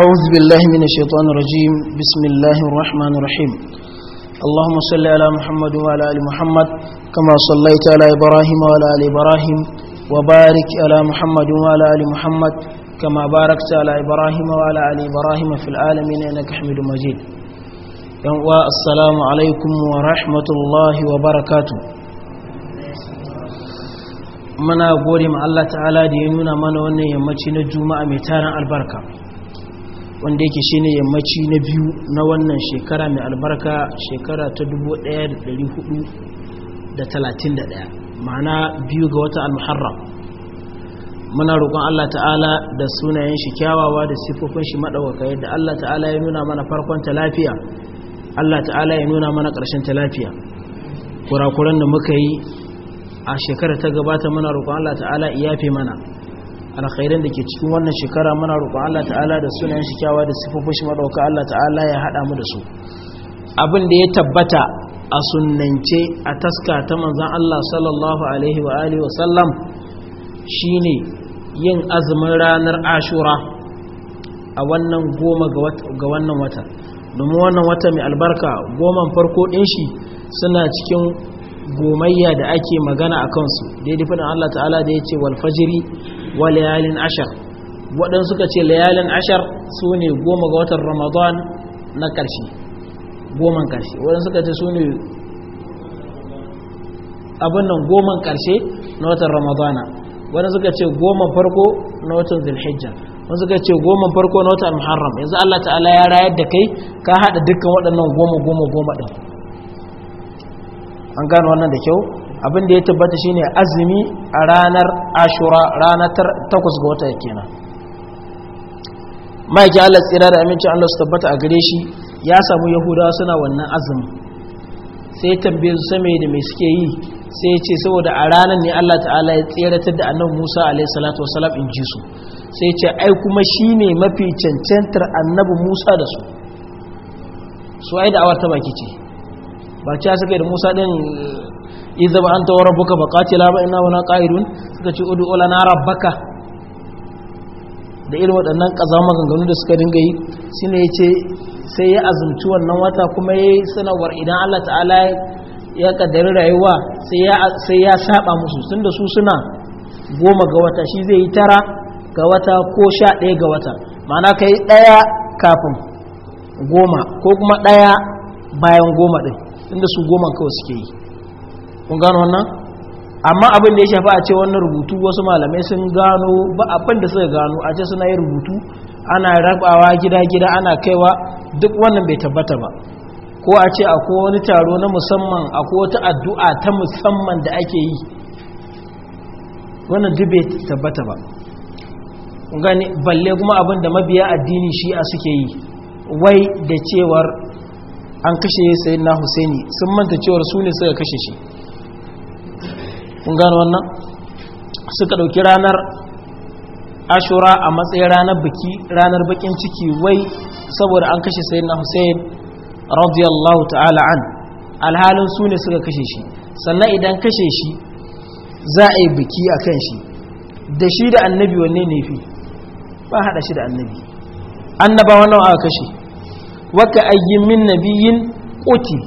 أعوذ بالله من الشيطان الرجيم بسم الله الرحمن الرحيم اللهم صل على محمد وعلى آل محمد كما صليت على إبراهيم وعلى آل إبراهيم وبارك على محمد وعلى آل محمد كما باركت على إبراهيم وعلى آل إبراهيم في العالمين إنك حميد مجيد السلام عليكم ورحمة الله وبركاته muna gode ma Allah ta'ala da ya nuna mana wannan yammaci na juma'a mai tarin albarka wanda yake shine yammaci na biyu na wannan shekara mai albarka shekara ta 1431 ma'ana biyu ga wata al-muharram muna roƙon Allah ta'ala da sunayen shi kyawawa da sifofin shi madawaka yadda Allah ta'ala ya nuna mana farkon ta lafiya Allah ta'ala ya nuna mana ƙarshen ta lafiya kurakuran da muka yi a shekara ta gabata muna roƙon Allah ta'ala iyafe mana alkhairin da ke cikin wannan shekara muna roƙon Allah ta'ala da sunayen shi kyawa da sifofin shi madauka Allah ta'ala ya haɗa mu da su abin da ya tabbata a sunnance a taska ta manzan Allah sallallahu alaihi wa alihi wa sallam shine yin azumin ranar ashura a wannan goma ga wannan wata domin wannan wata mai albarka goman farko ɗin shi suna cikin gomayya da ake magana a kansu daidai faɗin Allah ta'ala da ya ce fajiri. wa layalin ashar waɗansu suka ce layalin ashar su ne goma ga watan ramadan na ƙarshe goman ƙarshe waɗansu suka ce su ne abin nan goman ƙarshe na watan ramadana waɗansu suka ce goma farko na watan zulhijja wani suka ce goma farko na watan muharram yanzu allah ta'ala ya rayar da kai ka haɗa dukkan waɗannan goma goma goma ɗin an gano wannan da kyau abin da ya tabbata shine azumi a ranar ashura ranar takwas ga wata kenan maiki allah tsira da amincin allah su tabbata a gare shi ya samu yahudawa suna wannan azumi sai tambaye su same da mai suke yi sai ce saboda a ranar ne allah ta'ala ya tseratar da annabi musa alaihi salatu wasalam in ji su sai ce ai kuma shi ne mafi cancantar annabi musa da su su ai awar ta baki ce ba ce suka yi da musa din idza ba anta wa rabbuka faqatila ba inna wana qa'idun suka ce udu na rabbaka da irin waɗannan kaza maganganu da suka dinga yi shine yace sai ya azumci wannan wata kuma yayi sanawar idan Allah ta'ala ya kaddari rayuwa sai ya sai ya saba musu tunda su suna goma ga wata shi zai yi tara ga wata ko sha ɗaya ga wata ma'ana kai ɗaya kafin goma ko kuma ɗaya bayan goma ɗin inda su goma kawai suke yi kun gano wannan amma abin da ya shafi a ce wannan rubutu wasu malamai sun gano ba abin da suka gano a ce suna yi rubutu ana rabawa gida-gida ana kaiwa duk wannan bai tabbata ba ko a ce akwai wani taro na musamman akwai wata addu'a ta musamman da ake yi wannan duk bai tabbata ba gani balle kuma abin da mabiya addini shi a suke yi wai da cewar an kashe sayyidina husaini sun manta cewar su ne suka kashe shi kun gano wannan suka ɗauki ranar ashura a matsayin ranar biki ranar bakin ciki wai saboda an kashe sayin na hussein radiyallahu ta'ala an alhalin su ne suka kashe shi sannan idan kashe shi za a yi biki a kan shi da shi da annabi wanne ne fi ba haɗa shi da annabi annaba wannan aka kashe waka ayyin min nabiyin ƙoti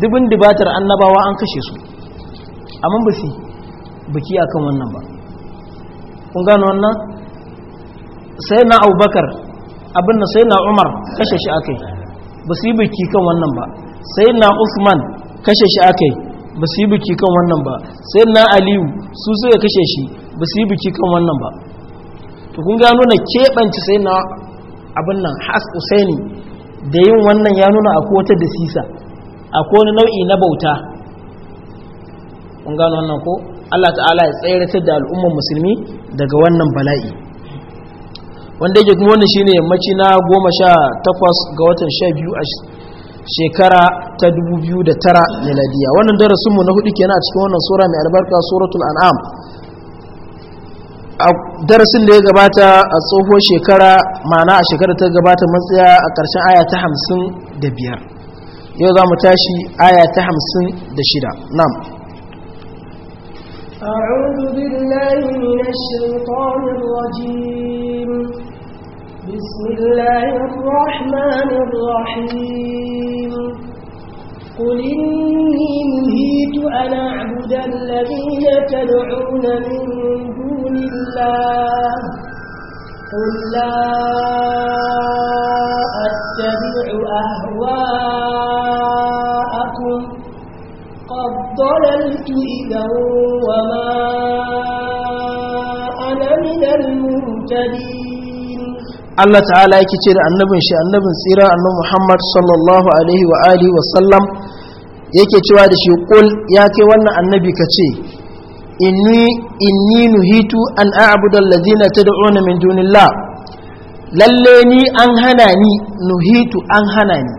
dubin dubatar annabawa an kashe su amma ba su biki akan wannan ba kun gano wannan sai na abubakar abin da sai na umar kashe shi yi ba su yi biki kan wannan ba sai na usman kashe shi yi ba su yi biki kan wannan ba sai na aliyu su suka kashe shi ba su yi biki kan wannan ba to kun gano na keɓanci sai na abin nan has usaini da yin wannan ya nuna akwai wata sisa akwai wani nau'i na bauta kun gano wannan ko Allah ta'ala ya tsayaratar da al'ummar musulmi daga wannan bala'i wanda yake kuma wannan shine yammaci na goma sha takwas ga watan sha biyu a shekara ta dubu biyu da tara miladiya wannan darasinmu na hudu kenan a cikin wannan sura mai albarka suratul an'am a darasin da ya gabata a tsohon shekara ma'ana a shekara ta gabata matsaya a ƙarshen aya ta hamsin da biyar yau za mu tashi aya ta hamsin da shida na'am أعوذ بالله من الشيطان الرجيم بسم الله الرحمن الرحيم قل إني نهيت أن أعبد الذين تدعون من دون الله قل لا أتبع أهواك ضللت إذا وما أنا من المهتدين الله تعالى يكتير عن نبي شاء النبي سيرة أن محمد صلى الله عليه وآله وسلم yake cewa da shi kul ya ke wannan annabi ka ce inni inni nuhitu an a'budu allazina tad'una min dunillah lalle ni an hana ni nuhitu an hana ni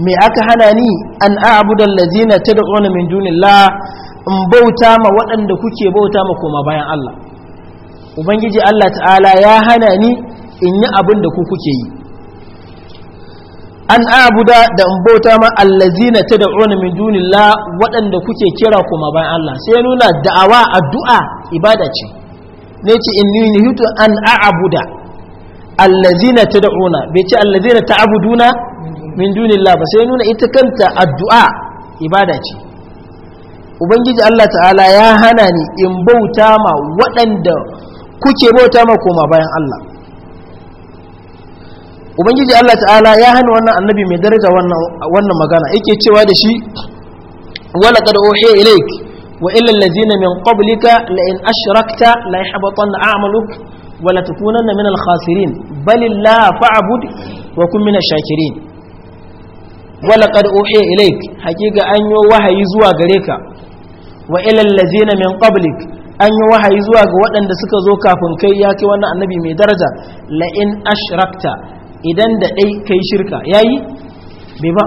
me aka hana ni an ta da tad'una min dunillah in bauta ma waɗanda kuke bauta ma koma bayan Allah ubangiji Allah ta'ala ya hana ni in yi abin da ku kuke yi an abuda da in bauta ma allazina tad'una min dunillah waɗanda kuke kira kuma bayan Allah sai nuna da'awa addu'a ibada ce ne ce inni hutu an a'buda allazina tad'una bai ce allazina ta'buduna min dunillah ba sai nuna ita kanta addu'a ibada ce ubangiji Allah ta'ala ya hana ni in bauta ma waɗanda kuke bauta ma koma bayan Allah ubangiji Allah ta'ala ya hana wannan annabi mai daraja wannan magana yake cewa da shi wala qad uhiya ilayk wa ila ladina min qablika la in ashrakta la yahbatanna a'maluk wa la takunanna min al-khasirin bal fa'bud wa kun min ash-shakirin wala qad uhiya ilaik hakika an yi wahayi zuwa gare ka wa ilal ladzina min qablik an yi wahayi zuwa ga waɗanda suka zo kafin kai ya kai wannan annabi mai daraja la'in ashrakta idan da kai shirka yayi bai ba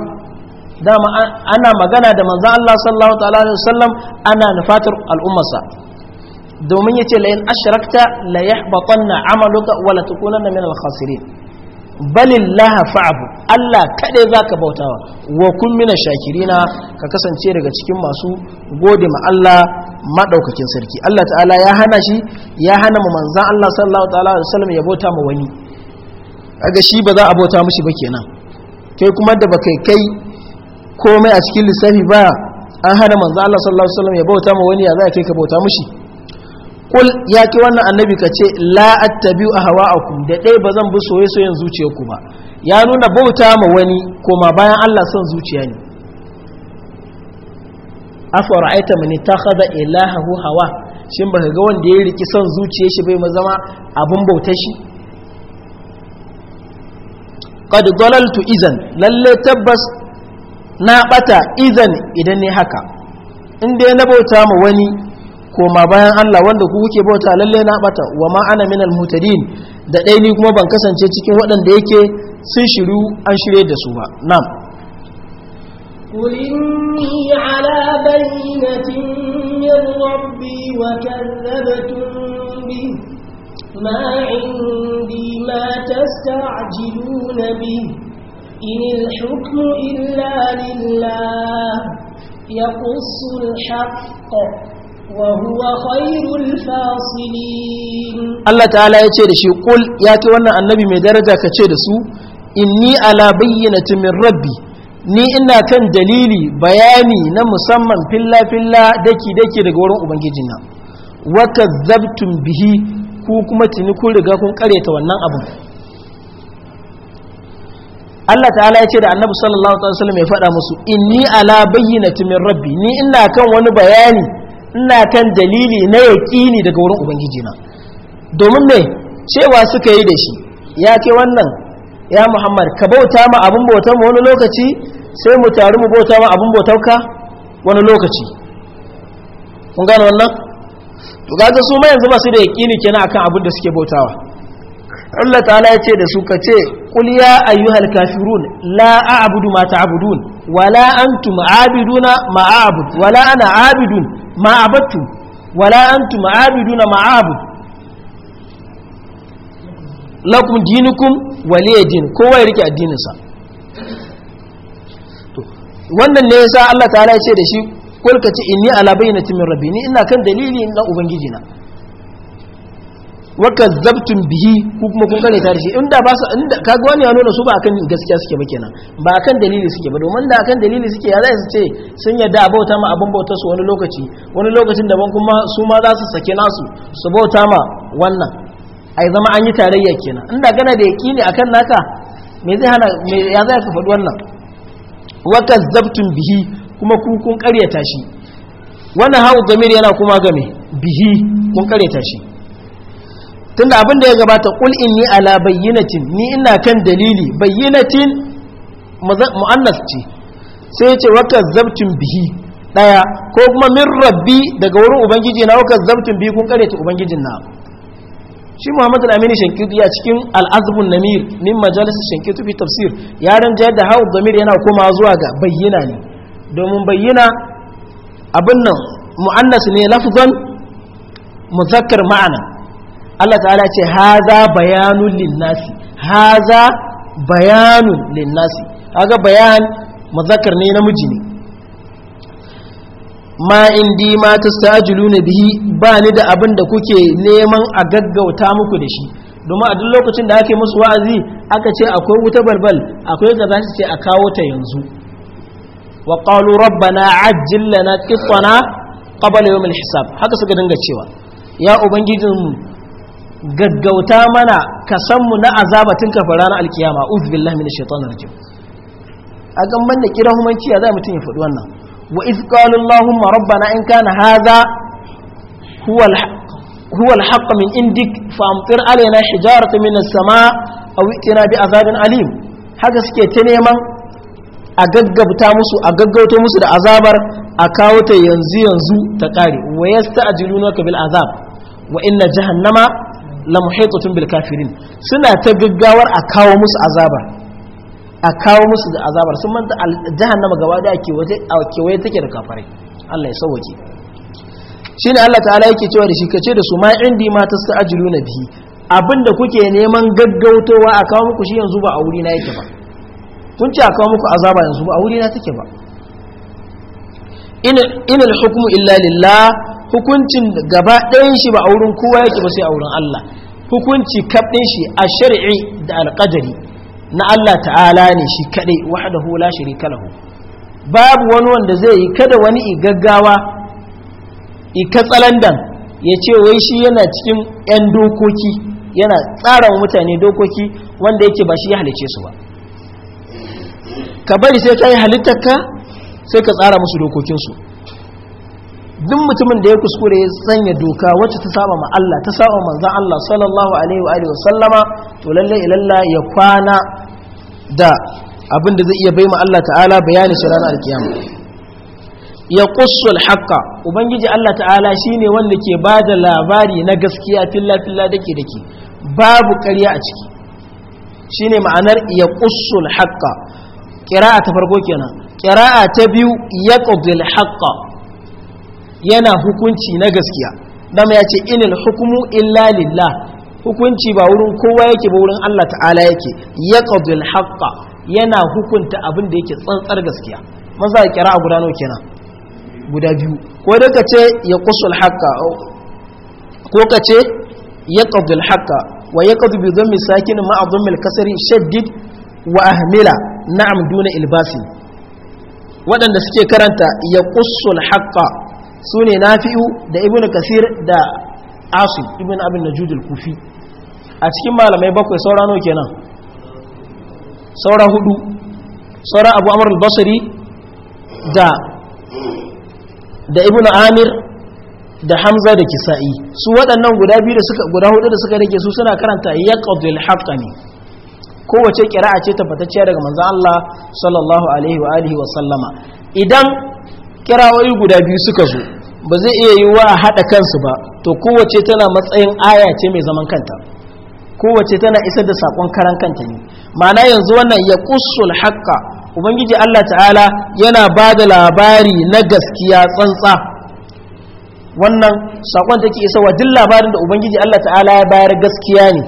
dama ana magana da manzon Allah sallallahu alaihi wasallam ana nufatar al'ummarsa domin yace ce in ashrakta la yahbatanna amaluka wala la min al-khasirin balillaha fa'abu Allah kaɗai za ka bautawa wa kun mina shakirina ka kasance daga cikin masu gode ma Allah maɗaukakin sarki Allah ta'ala ya hana shi ya hana ma manzan Allah sallallahu ta'ala wa sallam ya bauta ma wani aga shi ba za a bauta mushi ba kenan kai kuma da ba kai kai komai a cikin lissafi ba an hana manzan Allah sallallahu ta'ala ya bauta ma wani ya za a kai ka bauta mushi kul ya ki wannan annabi ka ce la attabi'u ahwa'akum da dai ba zan bi soye soyen zuciyarku ba ya nuna bauta ma wani koma bayan Allah son zuciya ne ta man ittakhadha ilahahu hawa shin baka ga wanda ya riki son zuciyar shi bai zama abun bautar shi qad dalaltu izan lalle tabbas na bata izan idan ne haka in dai na bauta ma wani koma bayan Allah wanda ku kuke bauta lalle na bata wa ma ana minal mutadin da dai ni kuma ban kasance cikin waɗanda yake sun shiru an shirye da su ba na'am قل إني على بينة من ربي وكذبتم به ما عندي ما bi, به إن الحكم إلا لله يقص الحق Allah Ta'ala ya ce da shi, دشي ya ce wannan annabi mai daraja ce da su inni ala bayyana min rabbi ni ina kan dalili bayani na musamman filla filla daki daki daga wurin ubangijina wa zabtun bihi ku kuma tuni kun riga kun kareta wannan abin Allah ta'ala ya ce da annabi sallallahu alaihi wasallam ya faɗa musu inni ala bayyana min rabbi ni ina kan wani bayani ina kan dalili na yaƙini daga wurin ubangiji na domin me cewa suka yi da shi ya ke wannan ya muhammad ka bauta ma abin bauta ma wani lokaci sai mu taru mu bauta ma abin bautar ka wani lokaci kun gane wannan to kaga su ma yanzu masu da da yaƙini kenan akan abin da suke bautawa Allah ta'ala ya ce da su ka ce qul ya ayyuhal kafirun la a'budu ma ta'budun wala antum a'biduna ma a'bud wala ana a'bidun ma abattu wala antum aabiduna ma aabud lakum dinukum waliya din kowa ya rike addininsa wannan ne yasa Allah ta'ala ya ce da shi kulkati ka inni ala bayyinatin min rabbi ni ina kan dalili na ubangiji na waka zabtun bihi ko kuma kun kare tarihi shi inda ba su inda kaga wani ya nuna su ba akan gaskiya suke ba kenan ba akan dalili suke ba domin da akan dalili suke ya zai su ce sun yadda a bauta ma abin bautar su wani lokaci wani lokacin daban kuma su ma za su sake nasu su bauta ma wannan ai zama an yi tarayya kenan inda kana da yaqini akan naka me zai hana me ya zai ka faɗi wannan waka zabtun bihi kuma ku kun karyata shi wannan hawo gamir yana kuma game bihi kun karyata shi tunda abin da ya gabata kul inni ala bayyinatin ni ina kan dalili bayyinatin muannas ce sai ya ce wa kazzabtum bihi daya ko kuma min rabbi daga wurin ubangiji na wa kazzabtum bihi kun kare ta ubangijin na shi Muhammad al-Amin Shankiti ya cikin al-Azb namir min majalis Shankiti fi tafsir ya ranjayar da hawu damir yana komawa zuwa ga bayyina ne domin bayyina abin nan muannas ne lafzan muzakkar ma'ana Allah ta'ala ce haza bayanun linnasi haza bayanun linnasi haza bayan mazakar ne namiji ne ma indi ma na bihi ba ni da abin da kuke neman a gaggauta muku da shi domin a duk lokacin da ake musu wa'azi aka ce akwai wuta balbal akwai za su ce a kawo ta yanzu wa qalu rabbana ajjil lana qitana qabla yawm al-hisab haka suka dinga cewa ya ubangijinmu gaggauta mana ka san mu na azabatin ka fara na alkiyama uz billahi minash shaitanir rajim a kan da kiran humanci ya za mutum ya faɗi wannan wa iz qala allahumma rabbana in kana hadha huwa huwa alhaq min indik fa amtir alaina hijaratan min as-samaa aw itina bi azabin alim haka suke ta neman a gaggauta musu a gaggauta musu da azabar a kawo ta yanzu yanzu ta kare wa yasta'jilunaka bil azab wa inna jahannama la muhitatun bil kafirin suna ta gaggawar a kawo musu azaba a kawo musu da azabar sun manta jahannama gaba da ke waje a waye take da kafare Allah ya sauke shine Allah ta'ala yake cewa da shi kace da su ma indi ma na bihi abinda kuke neman gaggautowa a kawo muku shi yanzu ba a wuri na yake ba kun ci a kawo muku azaba yanzu ba a wuri na take ba in al hukmu illa lillah hukuncin gaba ɗayan shi ba a wurin kowa yake ba sai a wurin Allah hukunci kaɗin shi a shari'i da alƙadari na Allah ta'ala ne shi kaɗai wahdahu la shiri kalahu babu wani wanda zai yi kada wani gaggawa i katsalandan ya ce wai shi yana cikin 'yan dokoki yana tsara wa mutane dokoki wanda yake ba shi ya halice su ba ka bari sai ka yi halittarka sai ka tsara musu dokokinsu duk mutumin da ya kuskure ya sanya doka wacce ta saba ma Allah ta saba manzon Allah sallallahu alaihi wa sallama to lalle ilalla ya kwana da abin zai iya bai ma Allah ta'ala bayani shi ranar alkiyama ya qussul haqqa ubangiji Allah ta'ala shine wanda ke bada labari na gaskiya filla filla dake dake babu karya a ciki shine ma'anar ya qussul haqqa qira'a ta farko kenan qira'a ta biyu ya yaqdil haqqa yana hukunci na gaskiya dama ya ce inil hukumu illa lillah hukunci ba wurin kowa yake ba wurin Allah ta'ala yake ya qadul haqqa yana hukunta abin da yake tsantsar gaskiya maza ya kira guda nawa kenan guda biyu ko da ka ce ya qusul haqqa ko ka ce ya qadul haqqa wa ya bi dhammi sakin ma'a dhammi al-kasri shaddid wa ahmila na'am duna ilbasi waɗanda suke karanta ya qusul haqqa su ne nafi'u da ibn kasir da asu ibn abin na judul kufi a cikin malamai bakwai saura nau kenan saura hudu saura abu amur basari da da ibn amir da hamza da kisa'i su waɗannan guda biyu da suka guda hudu da suka rage su suna karanta yaqdul haqqani kowace kira'a ce tabbatacciya daga manzon Allah sallallahu alaihi wa alihi wa sallama idan kirawoyi guda biyu suka zo ba zai iya yi wa haɗa kansu ba to kowace tana matsayin aya ce mai zaman kanta kowace tana isar da saƙon karan kanta ne ma'ana yanzu wannan ya kusul haƙƙa ubangiji allah ta'ala yana ba da labari na gaskiya tsantsa wannan saƙon take isarwa duk labarin da ubangiji allah ta'ala ya bayar gaskiya ne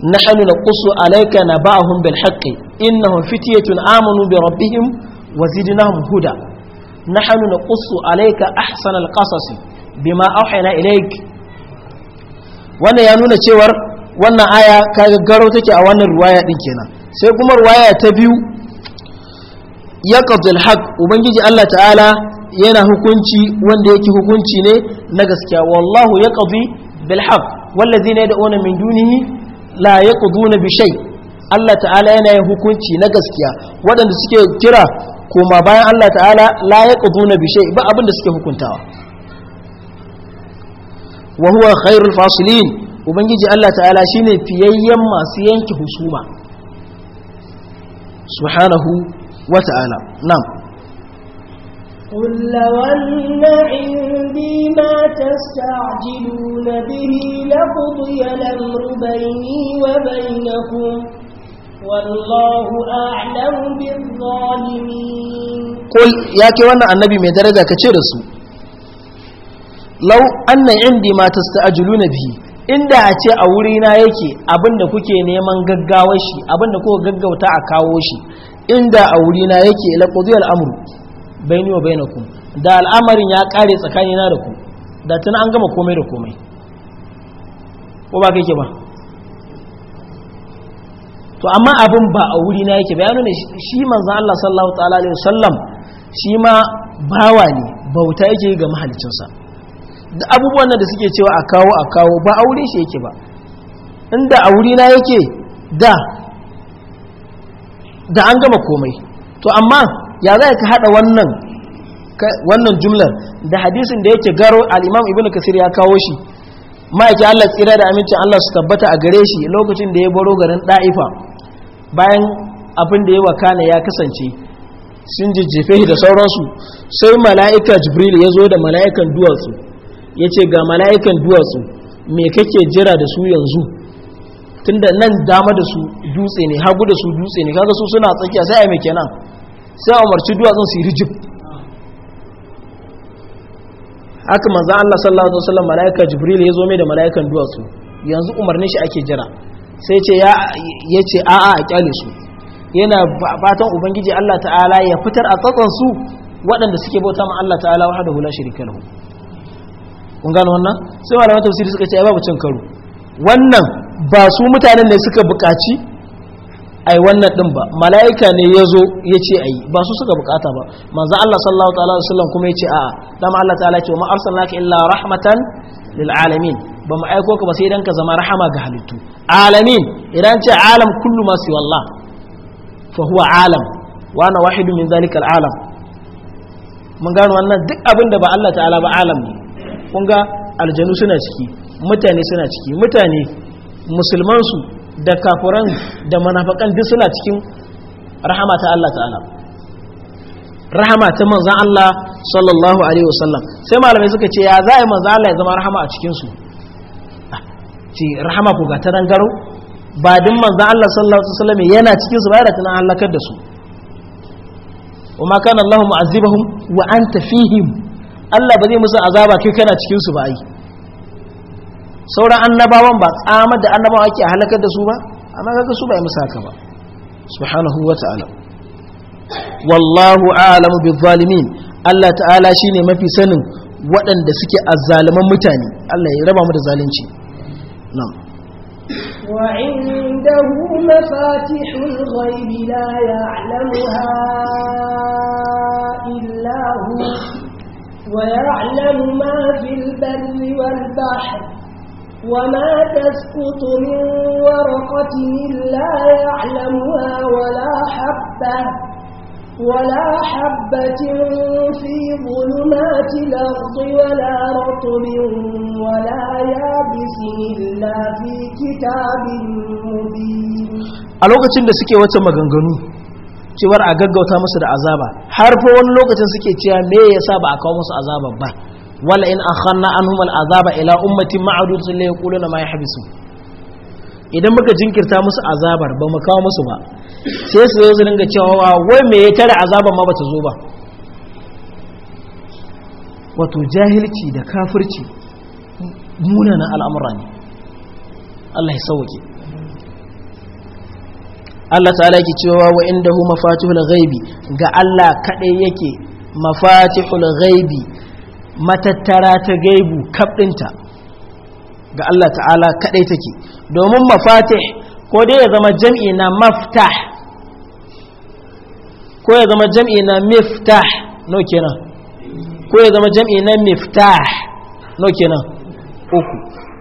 نحن نقص عليك نبأهم بالحق إنهم فتية آمنوا بربهم وزدناهم هدى nahnu naqussu alayka ahsan alqasas bima auhayna ilayk wannan ya nuna cewar wannan aya kaga garo take a wannan ruwaya din kenan sai kuma ruwaya ta biyu yaqdul haqq ubangiji Allah ta'ala yana hukunci wanda yake hukunci ne na gaskiya wallahu yaqdi bil haqq wallazina yad'una min dunihi la yaqduna bi shay' Allah ta'ala yana yin hukunci na gaskiya waɗanda suke kira kuma bayan Allah ta'ala la yaqduna bi shay ba abin da suke hukuntawa wa huwa khairul fasilin ubangiji Allah ta'ala shine fiyayyen masu yanki husuma subhanahu wa ta'ala na'am قل لو أن عندي ما تستعجلون به لقضي الأمر بيني وبينكم والله أعلم بالظالمين قل يا كوانا النبي من درجة كتير lau anna indi ma tasta'jiluna In inda a ce a wuri na yake abinda kuke neman gaggawa shi abinda kuka gaggauta a kawo shi inda a wuri na yake la al'amuru bai amru bai wa ku. da al'amarin ya kare tsakani na da ku da tun an gama komai da komai ko ba kake ba to amma abin ba a wuri na yake bayanu ne shi manzan Allah sallallahu ta'ala alaihi wasallam shi ma bawa ne bauta yake ga mahalicinsa da abubuwan da suke cewa a kawo a kawo ba a wurin shi yake ba inda a wuri na yake da da an gama komai to amma ya zai ka hada wannan wannan jumlar da hadisin da yake garo al-imam ibnu kasir ya kawo shi ma'aikin Allah tsira da amincin Allah su tabbata a gare shi lokacin da ya baro garin da'ifa bayan abin da ya wakana ya kasance sun jijjefe da sauransu sai mala'ika jibril ya zo da mala'ikan duwatsu ya ce ga mala'ikan duwatsu me kake jira da su yanzu tunda nan dama da su dutse ne hagu da su dutse ne kaga su suna tsakiya sai a mai kenan sai a umarci duwatsun su yi rijib haka manzan Allah sallallahu alaihi wasallam mala'ika jibril ya zo mai da mala'ikan duwatsu yanzu umarnin shi ake jira sai ce ya ce a'a a kyale su yana fatan ubangiji Allah ta'ala ya fitar a tsatsansu su waɗanda suke bauta ma Allah ta'ala wa hada hula shirika na hu gano wannan sai malaman tafsiri suka ce ya babu cin karo wannan ba su mutanen ne suka buƙaci ai wannan ɗin ba mala'ika ne ya zo ya ce a yi ba su suka buƙata ba manzan Allah sallallahu ta'ala alaihi Sallam kuma ya ce a'a dama Allah ta'ala ce ce ma laka illa rahmatan lil'alamin ba mu aiko ka ba sai dan ka zama rahama ga halittu alamin idan ce alam kullu ma siwa Allah fa huwa alam wa ana wahidu min zalika alam mun gano wannan duk abin da ba Allah ta'ala ba alam ne kun ga aljanu suna ciki mutane suna ciki mutane musulman su da kafiran da manafakan duk suna cikin rahama ta Allah ta'ala rahama ta manzan Allah sallallahu alaihi wasallam sai malamai suka ce ya za a yi manzan Allah ya zama rahama a cikinsu ce rahama ko gata nan garo ba din manzan Allah sallallahu alaihi wasallam yana cikin su ba da tunan halakar da su wa ma kana Allahu mu'azzibahum wa anta fihim Allah ba zai musu azaba kai kana cikin su ba ai sauran annabawan ba tsama da annabawa ake halakar da su ba amma kaga su ba yi musu ba subhanahu wa ta'ala wallahu a'lamu bil zalimin Allah ta'ala shine mafi sanin waɗanda suke azzaliman mutane Allah ya raba mu da zalunci نعم وعنده مفاتح الغيب لا يعلمها إلا هو ويعلم ما في البر والبحر وما تسقط من ورقة إلا يعلمها ولا حبة ولا حبة في ظلمات الأرض ولا رطب ولا يابس إلا في كتاب مبين a lokacin da suke wata maganganu cewar a gaggauta musu da azaba har fa wani lokacin suke cewa me yasa ba a kawo musu azaba ba wala in akhanna anhum al azaba ila ummatin ma'dudun la yaquluna ma yahbisu idan muka jinkirta musu azabar ba mu kawo musu ba sai su zo su dinga cewa wai me ya tare azabar ma bata zo ba wato jahilci da kafirci munanan al'amura ne Allah ya sauke Allah ta'ala yake cewa wa hu mafatihul ghaibi ga Allah kadai yake mafatihul ghaibi matattara ta gaibu kabdinta ga Allah ta'ala kadai take domin mafatih ko dai ya zama jam'i na maftah ko ya zama jam'i na miftah no kenan ko ya zama jam'i na miftah no kenan uku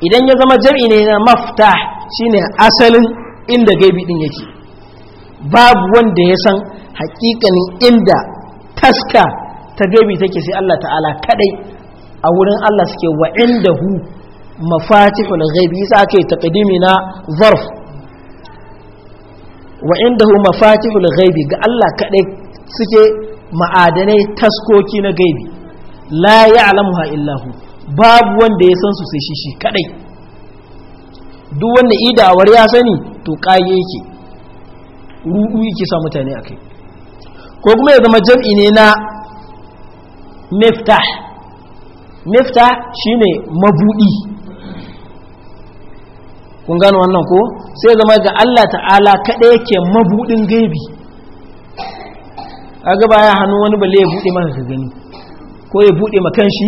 idan ya zama jam'i ne na maftah shine asalin inda gaibi din yake babu wanda ya san haƙiƙanin inda taska ta gaibi take sai Allah ta'ala kadai a wurin Allah suke wa'in da hu mafatihul ghaibi yasa aka yi taqdimi na zarf wa indahu mafatihul ghaibi ga Allah kaɗai suke ma'adanai taskoki na gaibi la ya'lamuha illa hu babu wanda ya san su sai shi shi kadai duk wanda idawar ya sani to kaye yake ruɗu yake sa mutane akai ko kuma ya zama jam'i ne na miftah miftah shine mabuɗi. kun gano wannan ko sai zama ga Allah ta'ala kaɗai yake mabudin gaibi a gaba ya hannu wani bale ya buɗe maka ka gani ko ya buɗe makan shi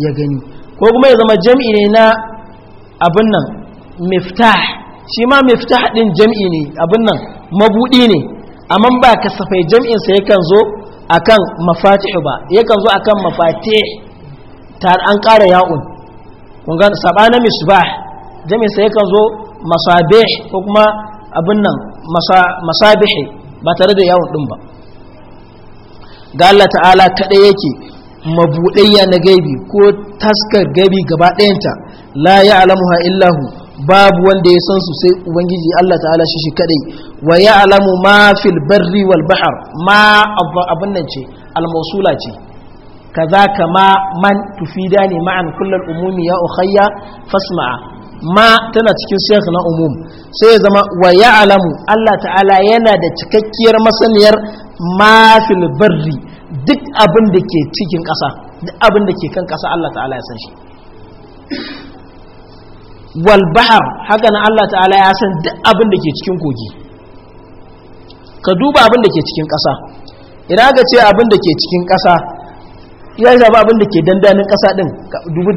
ya gani ko kuma ya zama jam'i ne na abin nan miftah shi ma miftah ɗin jam'i ne abin nan mabuɗi ne amma ba kasafai jam'insa yakan zo akan mafatihu ba yakan zo akan mafatih ta an ƙara ya'un kun gano sabanin misbah jami'in sai yakan zo masabih ko kuma abin nan masabihi ba tare da yawon ɗin ba ga Allah ta'ala kaɗai yake mabuɗayya na gaibi ko taskar gaibi gaba ɗayanta la ya alamuha illahu babu wanda ya san su sai ubangiji Allah ta'ala shi shi kaɗai wa ya alamu ma fil barri wal bahar ma abin nan ce almausula ce kaza kama man tufida ne ma'an kullal umumi ya ukhayya fasma'a ma tana cikin shekhu na umum sai ya zama wa ya alamu Allah ta'ala yana da cikakkiyar masaniyar ma barri duk abin da ke cikin ƙasa duk abin da ke kan ƙasa Allah ta'ala ya san shi wal bahar haka na Allah ta'ala ya san duk abin da ke cikin kogi ka duba abin da ke cikin ƙasa idan ka ce abin da ke cikin ƙasa ya shafi abin da ke dandanin ƙasa din dubi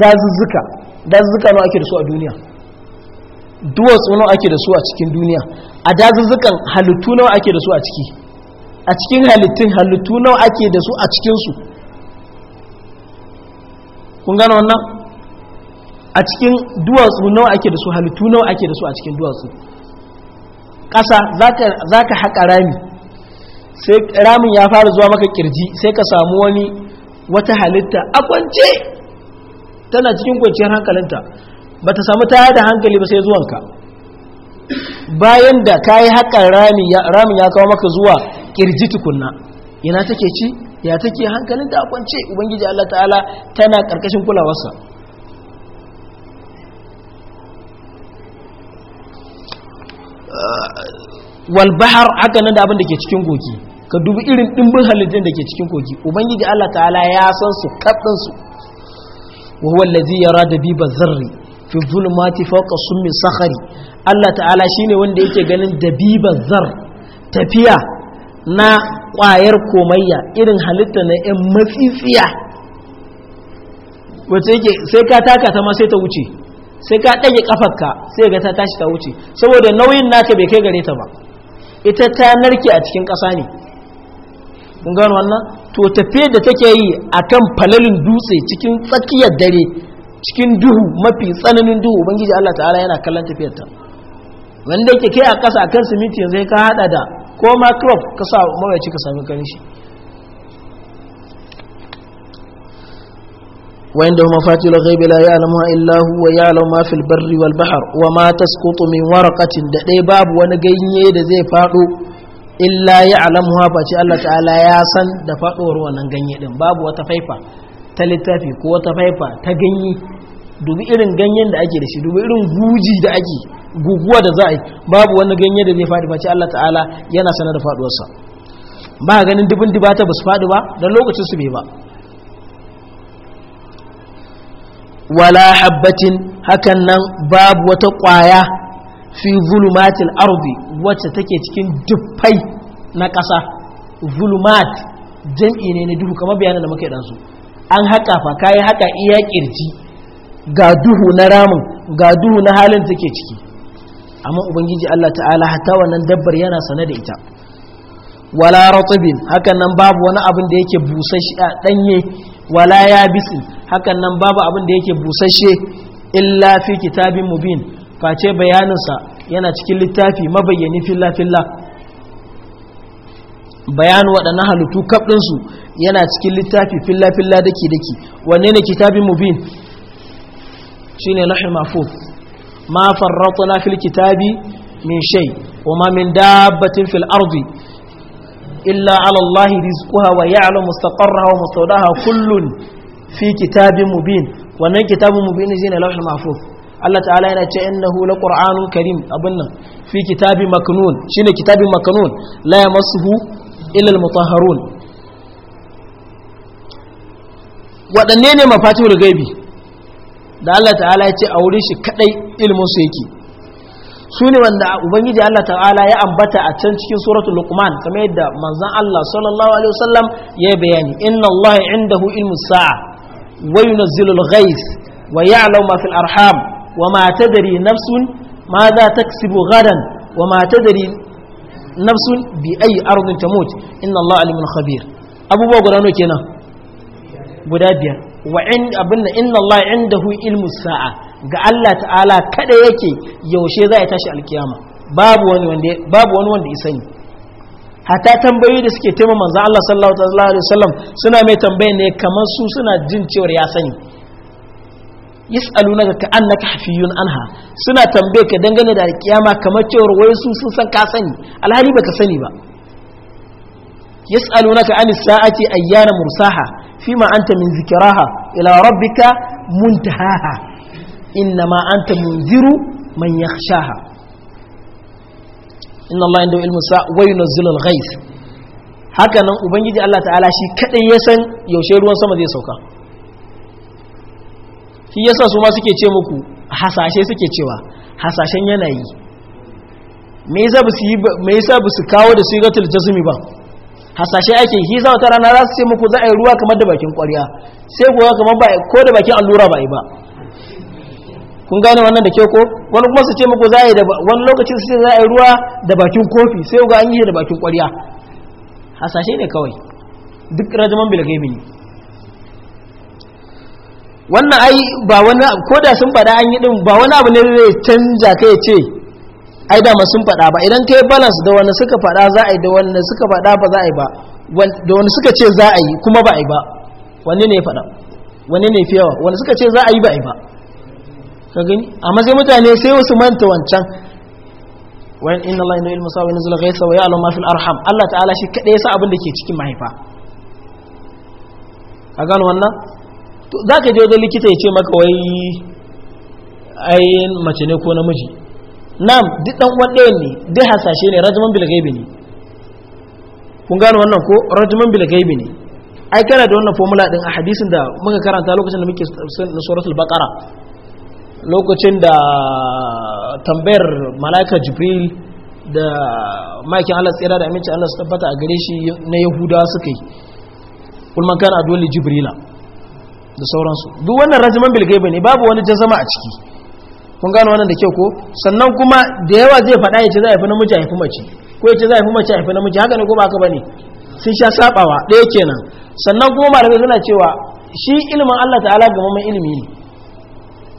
dazuzzuka dazuzzuka nawa ake da su a duniya duwatsu nawa ake da su a cikin duniya a dazuzzukan halittu nawa ake da su a ciki a cikin halittun halittu nawa ake da su a cikinsu kun gano wannan a cikin duwatsu nawa ake da su halittu nawa ake da su a cikin duwatsu ƙasa za ka haƙa rami sai ramin ya fara zuwa maka kirji sai ka samu wani wata halitta a kwance tana cikin kwanciyar hankalinta ba ta samu ta da hankali ba sai zuwanka bayan da ka yi haƙar ramin ya kawo maka zuwa ƙirji tukunna yana take ci ya take hankalinta a kwance ubangiji allah ta'ala tana ƙarƙashin kulawarsa walbahar haka nan da abin da ke cikin goki ka dubi irin ɗimbin halittun da ke cikin koki ubangiji allah ta'ala ya san su kaɗinsu وهو الذي يرى دبيب الذر في الظلمات فوق الصم الصخر الله تعالى شيني wanda yake ganin dabibar zar tafiya na ƙwayar komayya irin halitta na yan matsitsiya wace yake sai ka taka ta ma sai ta wuce sai ka ɗage ƙafarka sai ga ta tashi ta wuce saboda nauyin naka bai kai gare ta ba ita ta narke a cikin ƙasa ne kun gano wannan to tafiyar da take yi akan falalin dutse cikin tsakiyar dare cikin duhu mafi tsananin duhu ubangiji Allah ta'ala yana kallon tafiyar ta wanda yake kai a ƙasa akan siminti yanzu ka hada da ko ma crop ka sa mawaci ka sami kan shi وعنده مفاتيح ya'lamu ma fil barri wal bahr wa ma tasqutu min warqatin da dai babu wani ganye da zai fado illa ya alamu hafa ce Allah ta'ala ya san da faɗuwar wannan ganye ɗin babu wata faifa ta littafi ko wata faifa ta ganye dubi irin ganyen da ake da shi dubi irin guji da ake guguwa da za a yi babu wani ganye da zai faɗi face Allah ta'ala yana sanar da faɗuwarsa ba ganin dubin dibata ba su faɗi ba don lokacin su bai ba wala habbatin hakan nan babu wata ƙwaya fi zulumatil ardi wacce take cikin dufai na ƙasa Zulmat jam'i ne na duhu kamar bayanan da muka yi ɗansu an haƙa fa kayi haƙa iya ƙirji ga duhu na ramin ga duhu na halin da take ciki amma ubangiji Allah ta'ala hatta wannan dabbar yana sane da ita wala ratubin hakan nan babu wani abin da yake busashe a danye wala yabisi hakan nan babu abin da yake busashe illa fi kitabin mubin face bayaninsa yana cikin littafi mabayyani filafila. filla bayan waɗannan halittu kaf ɗinsu yana cikin littafi filla filla daki daki wanne ne kitabin mubin shine lahul mahfuz ma farratna fil kitabi min shai. Kuma ma min dabbatin fil ardi illa ala allah rizquha wa ya'lamu mustaqarraha wa mustawdaha kullun fi kitabin mubin wannan kitabin mubin shine lahul mahfuz Allah ta'ala yana ce innahu laqur'anun karim abin nan fi kitabi maknun shine kitabi maknun la yamassuhu illa almutahharun wadanne ne mafatihul gaibi da Allah ta'ala ya ce a wurin shi kadai ilmin su yake su ne wanda ubangiji Allah ta'ala ya ambata a can cikin suratul luqman kamar yadda manzon Allah sallallahu alaihi wasallam ya bayani inna Allah indahu ilmus sa'a wa yunzilu al wa ya'lamu ma fil arham wa ma tadri nafsun ma za taksibu gadan wa ma tadri nafsun bi ayi ta tamut inna Allah alimun khabir abubuwa guda nawa kenan guda biyar wa in abinda inna Allah hu ilmu sa'a ga Allah ta'ala kada yake yaushe za ya tashi alkiyama babu wani wanda babu wani wanda ya sani Hata tambayoyi da suke taimaka manzo Allah sallallahu alaihi wasallam suna mai tambayi ne kamar su suna jin cewa ya sani yas'alunaka ka annaka hafiyun anha suna tambaye ka dangane da kiyama kamar cewar wai su sun san ka sani alhali baka sani ba yas'alunaka an sa'ati ayyana mursaha fima anta min zikraha ila rabbika muntahaha innama anta munziru man yakhshaha inna allaha indahu ilmu sa wa yunzilu al-ghayth haka ubangiji Allah ta'ala shi kadai ya san yaushe ruwan sama zai sauka shi yasa su ma suke ce muku hasashe suke cewa hasashen yanayi me yasa ba su yi me yasa kawo da sigatul jazmi ba hasashe ake shi yasa wata rana za su ce muku za a yi ruwa kamar da bakin ƙwarya sai kuwa kamar ba ko da bakin allura ba yi ba kun gane wannan da ke ko wani kuma su ce muku za a yi da wani lokacin su ce za a yi ruwa da bakin kofi sai ga an yi da bakin ƙwarya hasashe ne kawai duk rajaman bilgaibi ne wannan ai ba wani ko da sun faɗa an yi ɗin ba wani abu ne zai canza kai ce ai dama sun faɗa ba idan kai balance da wani suka faɗa za a yi da wani suka faɗa ba za a yi ba da wani suka ce za a yi kuma ba a yi ba wani ne faɗa wani ne fiyawa wani suka ce za a yi ba a yi ba ka gani amma sai mutane sai wasu manta wancan wayan inna allahi na ilmu sawa yanzu ghaisa wa ya'lamu ma fil arham Allah ta'ala shi kadai ya sa abin da ke cikin mahaifa a gano wannan za ka je wajen likita ya ce maka wai ayin mace ne ko namiji nam duk dan uwan ɗayan ne duk hasashe ne rajaman bil gaibi ne kun gano wannan ko rajaman bil gaibi ne ai kana da wannan formula din a hadisin da muka karanta lokacin da muke na suratul baqara lokacin da tambayar malaika jibril da makin Allah tsira da aminci Allah su tabbata a gare shi na yahudawa suka yi kulman kana dole jibrila da sauransu duk wannan rajiman bilgaiba ne babu wani jazama a ciki kun gano wannan da kyau ko sannan kuma da yawa zai faɗa ya ce za a haifi namiji a haifi mace ko ya ce za a haifi mace a haifi namiji haka ne ko ba haka bane sun sha sabawa ɗaya kenan sannan kuma malamai suna cewa shi ilimin Allah ta'ala ga mamman ilimi ne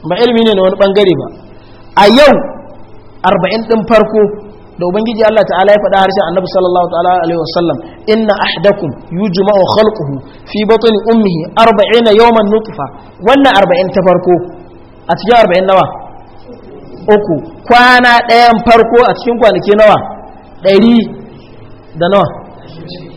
ba ilimi ne na wani bangare ba a yau arba'in ɗin farko da ubangiji Allah ta'ala ya faɗa harshen annabi sallallahu ta'ala alaihi wasallam inna ahdakum yujma'u khalquhu fi batni ummihi 40 yawman nutfa wannan 40 ta farko a cikin 40 nawa uku kwana ɗayan farko a cikin kwanaki nawa 100 da nawa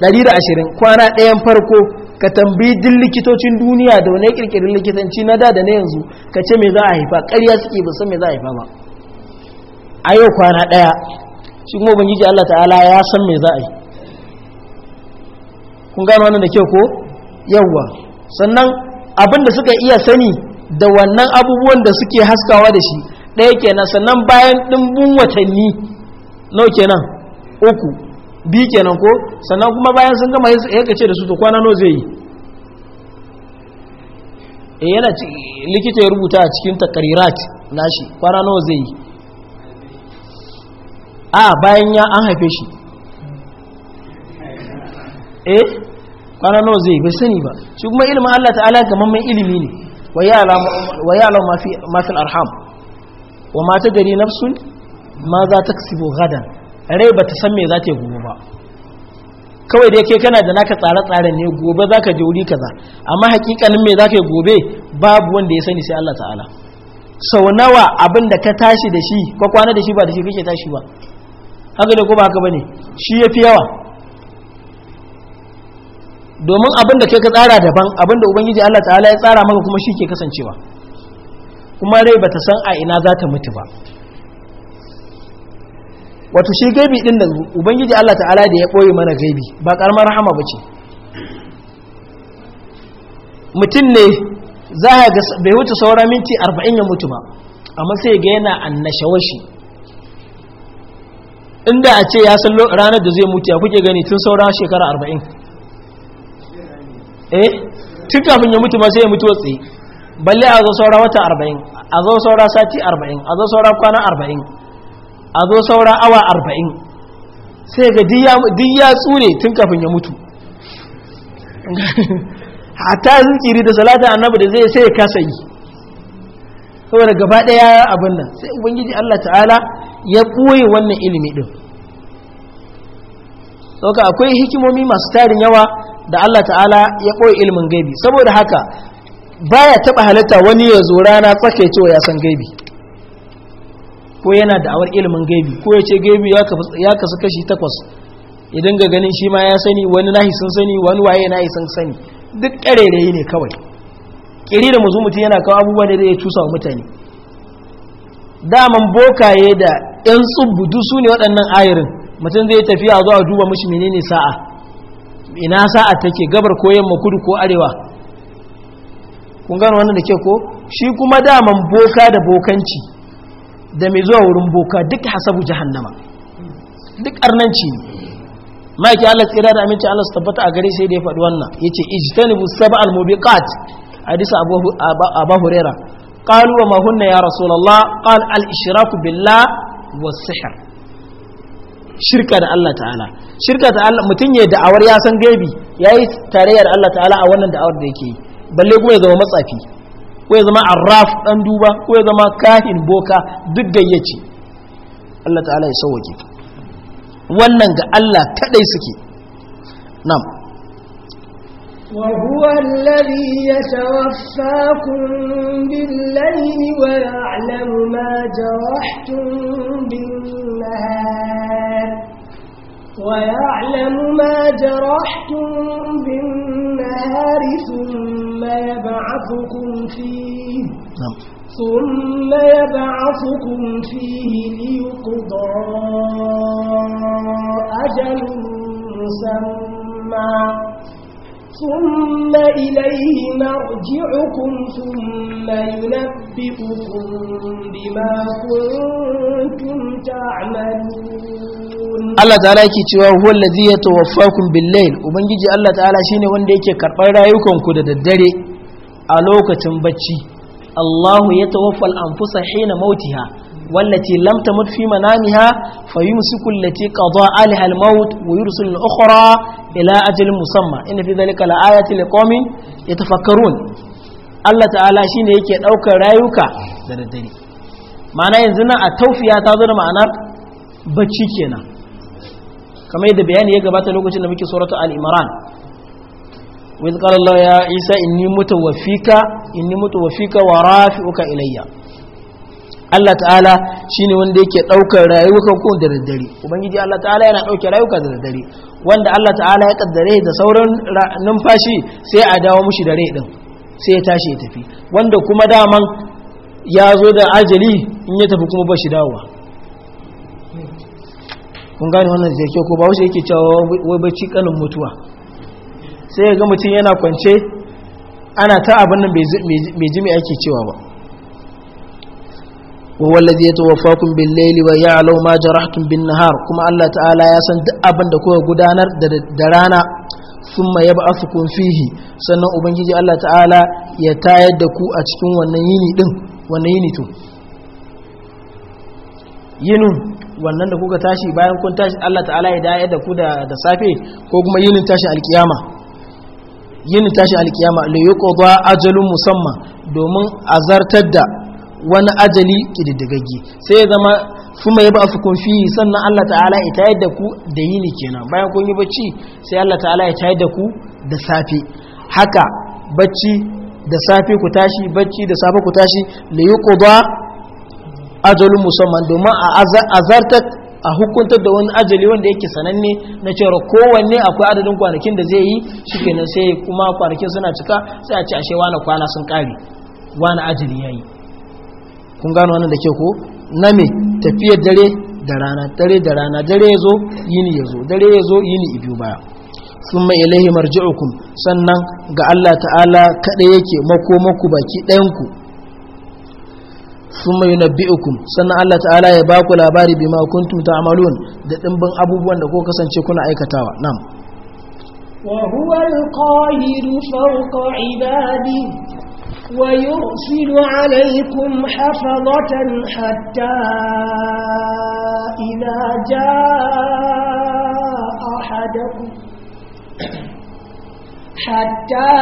120 kwana ɗayan farko ka tambayi duk likitocin duniya da wani kirkirin likitanci na da da na yanzu ka ce me za a haifa ƙarya suke ba san me za a haifa ba a yau kwana ɗaya shi kuma ubangiji Allah ta'ala ya san me za a yi kun gano wannan da kyau ko yawwa sannan abin da suka iya sani da wannan abubuwan da suke haskawa da shi ɗaya kenan sannan bayan ɗimbin watanni nau kenan uku biyu kenan ko sannan kuma bayan sun gama ya ce da su to kwana nawa zai yi eh, yana likita ya rubuta a cikin takarirat nashi kwana nawa zai yi a bayan ya an haife shi eh kwana nawa zai bai sani ba shi kuma ilimin Allah ta'ala gamamman ilimi ne wa ya alama mafi arham wa ma na nafsun ma za ta kasibu gadan rai ba ta san me za ta gobe ba kawai da yake kana da naka tsare-tsare ne gobe za ka je wuri kaza amma hakikanin me za ka gobe babu wanda ya sani sai Allah ta'ala sau nawa abin da ka tashi da shi ko kwana da shi ba da shi kake tashi ba haka ko ba haka bane shi ya fi yawa domin abin da kai ka tsara daban abin da ubangiji Allah ta'ala ya tsara maka kuma shi ke kasancewa kuma rai bata san a ina za ta mutu ba wato shi gaibi din da ubangiji Allah ta'ala da ya boye mana gaibi ba karamar rahama ba ce mutum ne za ga bai wuce saura minti 40 ya mutu ba amma sai ga yana annashawashi inda a ce ya san ranar da zai mutu ya kuke gani tun saura shekara arba'in eh tun kafin ya mutu ma sai ya mutu tsaye balle a zo saura wata arba'in a zo saura sati arba'in a zo saura kwana arba'in a zo saura awa arba'in sai ga duk ya tsure tun kafin ya mutu hatta zikiri da salata annabi da zai sai kasa yi saboda gaba daya abin nan sai ubangiji Allah ta'ala ya ɓoye wannan ilimi ɗin sauka akwai hikimomi masu tarin yawa da Allah ta'ala ya ɓoye ilimin gaibi saboda haka baya taɓa halitta wani ya zo rana tsakai cewa ya san gaibi ko yana da'awar ilimin gaibi ko ya ce gaibi ya kasu kashi takwas idan ga ganin shi ma ya sani wani nahi sun sani wani waye nahi sun sani duk ƙarerayi ne kawai ƙiri da mutum yana kawo abubuwa da ya cusa wa mutane daman bokaye da yan tsubbu duk su ne waɗannan ayirin mutum zai tafiya zuwa duba mishi menene sa'a ina sa'a take gabar ko yamma kudu ko arewa kun gano wannan da ke ko shi kuma daman boka da bokanci da mai zuwa wurin boka duk hasabu jahannama duk arnanci ne maki Allah tsira da aminci Allah su tabbata a gare sai da ya faɗi wannan Ya yace ijtanibu sab'al mubiqat hadisi Abu Abu Huraira qalu wa ma hunna ya rasulullah qal al ishraku billah was shirka da Allah ta'ala shirka ta Allah mutum ya da'awar ya san gaibi yayi tarayyar Allah ta'ala a wannan da'awar da yake yi balle kuma ya zama matsafi ko ya zama arraf dan duba ko ya zama kahin boka duk gayyaci Allah ta'ala ya sauke. wannan ga Allah kadai suke na'am وهو الذي يتوفاكم بالليل ويعلم ما جرحتم بالنهار ويعلم ما جرحتم بالنهار ثم يبعثكم فيه نعم. ثم يبعثكم فيه ليقضى أجل مسمى ثم إليه مرجعكم ثم ينبئكم بما كنتم تعملون الله تعالى yake cewa huwa allazi yatawaffakum bil-layl ubangiji Allah ta'ala shine wanda yake karɓar rayukanku da daddare a lokacin bacci Allahu ya tawaffal anfusa hina mautiha والتي لم تمت في منامها فيمسك التي قضى عليها الموت ويرسل الأخرى إلى أجل مسمى إن في ذلك الآية لقوم يتفكرون الله تعالى شين يكي أوك رايوك معنى ينزلنا التوفي يتعذر معنى بچيكينا كما يدى بيان يقبات لوقت لما يكي سورة الإمران وإذ قال الله يا عيسى إني متوفيك إني متوفيك ورافئك إليّ Allah ta'ala shi ne wanda yake ɗaukar rayuwa ko da daddare ubangiji Allah ta'ala yana ɗauke rayuwa da daddare wanda Allah ta'ala ya kaddare da sauran numfashi sai a dawo mushi da rai sai ya tashi ya tafi wanda kuma daman ya zo da ajali in ya tafi kuma ba shi dawowa kun gane wannan da ko ba wuce yake cewa wai bacci kanin mutuwa sai ya ga mutum yana kwance ana ta abin nan bai ji ake cewa ba وهو الذي يتوفاكم بالليل ويعلم ما جرحتم بالنهار كما الله تعالى ya san دكوه kuka gudanar da يبعثكم فيه سنة أبنجي الله تعالى يتايد دكو أتكم ونيني دم ku a cikin wannan da kuka tashi bayan kun tashi Allah ta'ala ya daya da ku da safe ko kuma yinin tashi alkiyama yinin tashi alkiyama la yuqda ajalun musamman domin azartar da wani ajali kididdigaggi sai ya zama kuma ya ba su kunfi sannan Allah ta'ala ya tayar da ku da yini kenan bayan kun yi bacci sai Allah ta'ala ya tayar da ku da safe haka bacci da safe ku tashi bacci da safe ku tashi yi yuqda ajalu musamman domin a zartar a hukuntar da wani ajali wanda yake sananne na cewa kowanne akwai adadin kwanakin da zai yi shikenan sai kuma kwanakin suna cika sai a ce ashe wani kwana sun kare wani ajali yayi kun gano wannan da ke ko na me tafiyar dare da rana dare da rana dare ya zo yini ya zo dare ya zo yini ibiyu baya sun mai ilahi marji'ukum sannan ga Allah ta'ala kaɗa yake makomaku baki ɗayanku sun mai nabbi'ukum sannan Allah ta'ala ya ba ku labari makuntu ta ta'malun da ɗimbin abubuwan da ko kasance kuna aikatawa nam وهو القاهر فوق عباده ويرسل عليكم حفظة حتى إذا جاء أحدكم حتى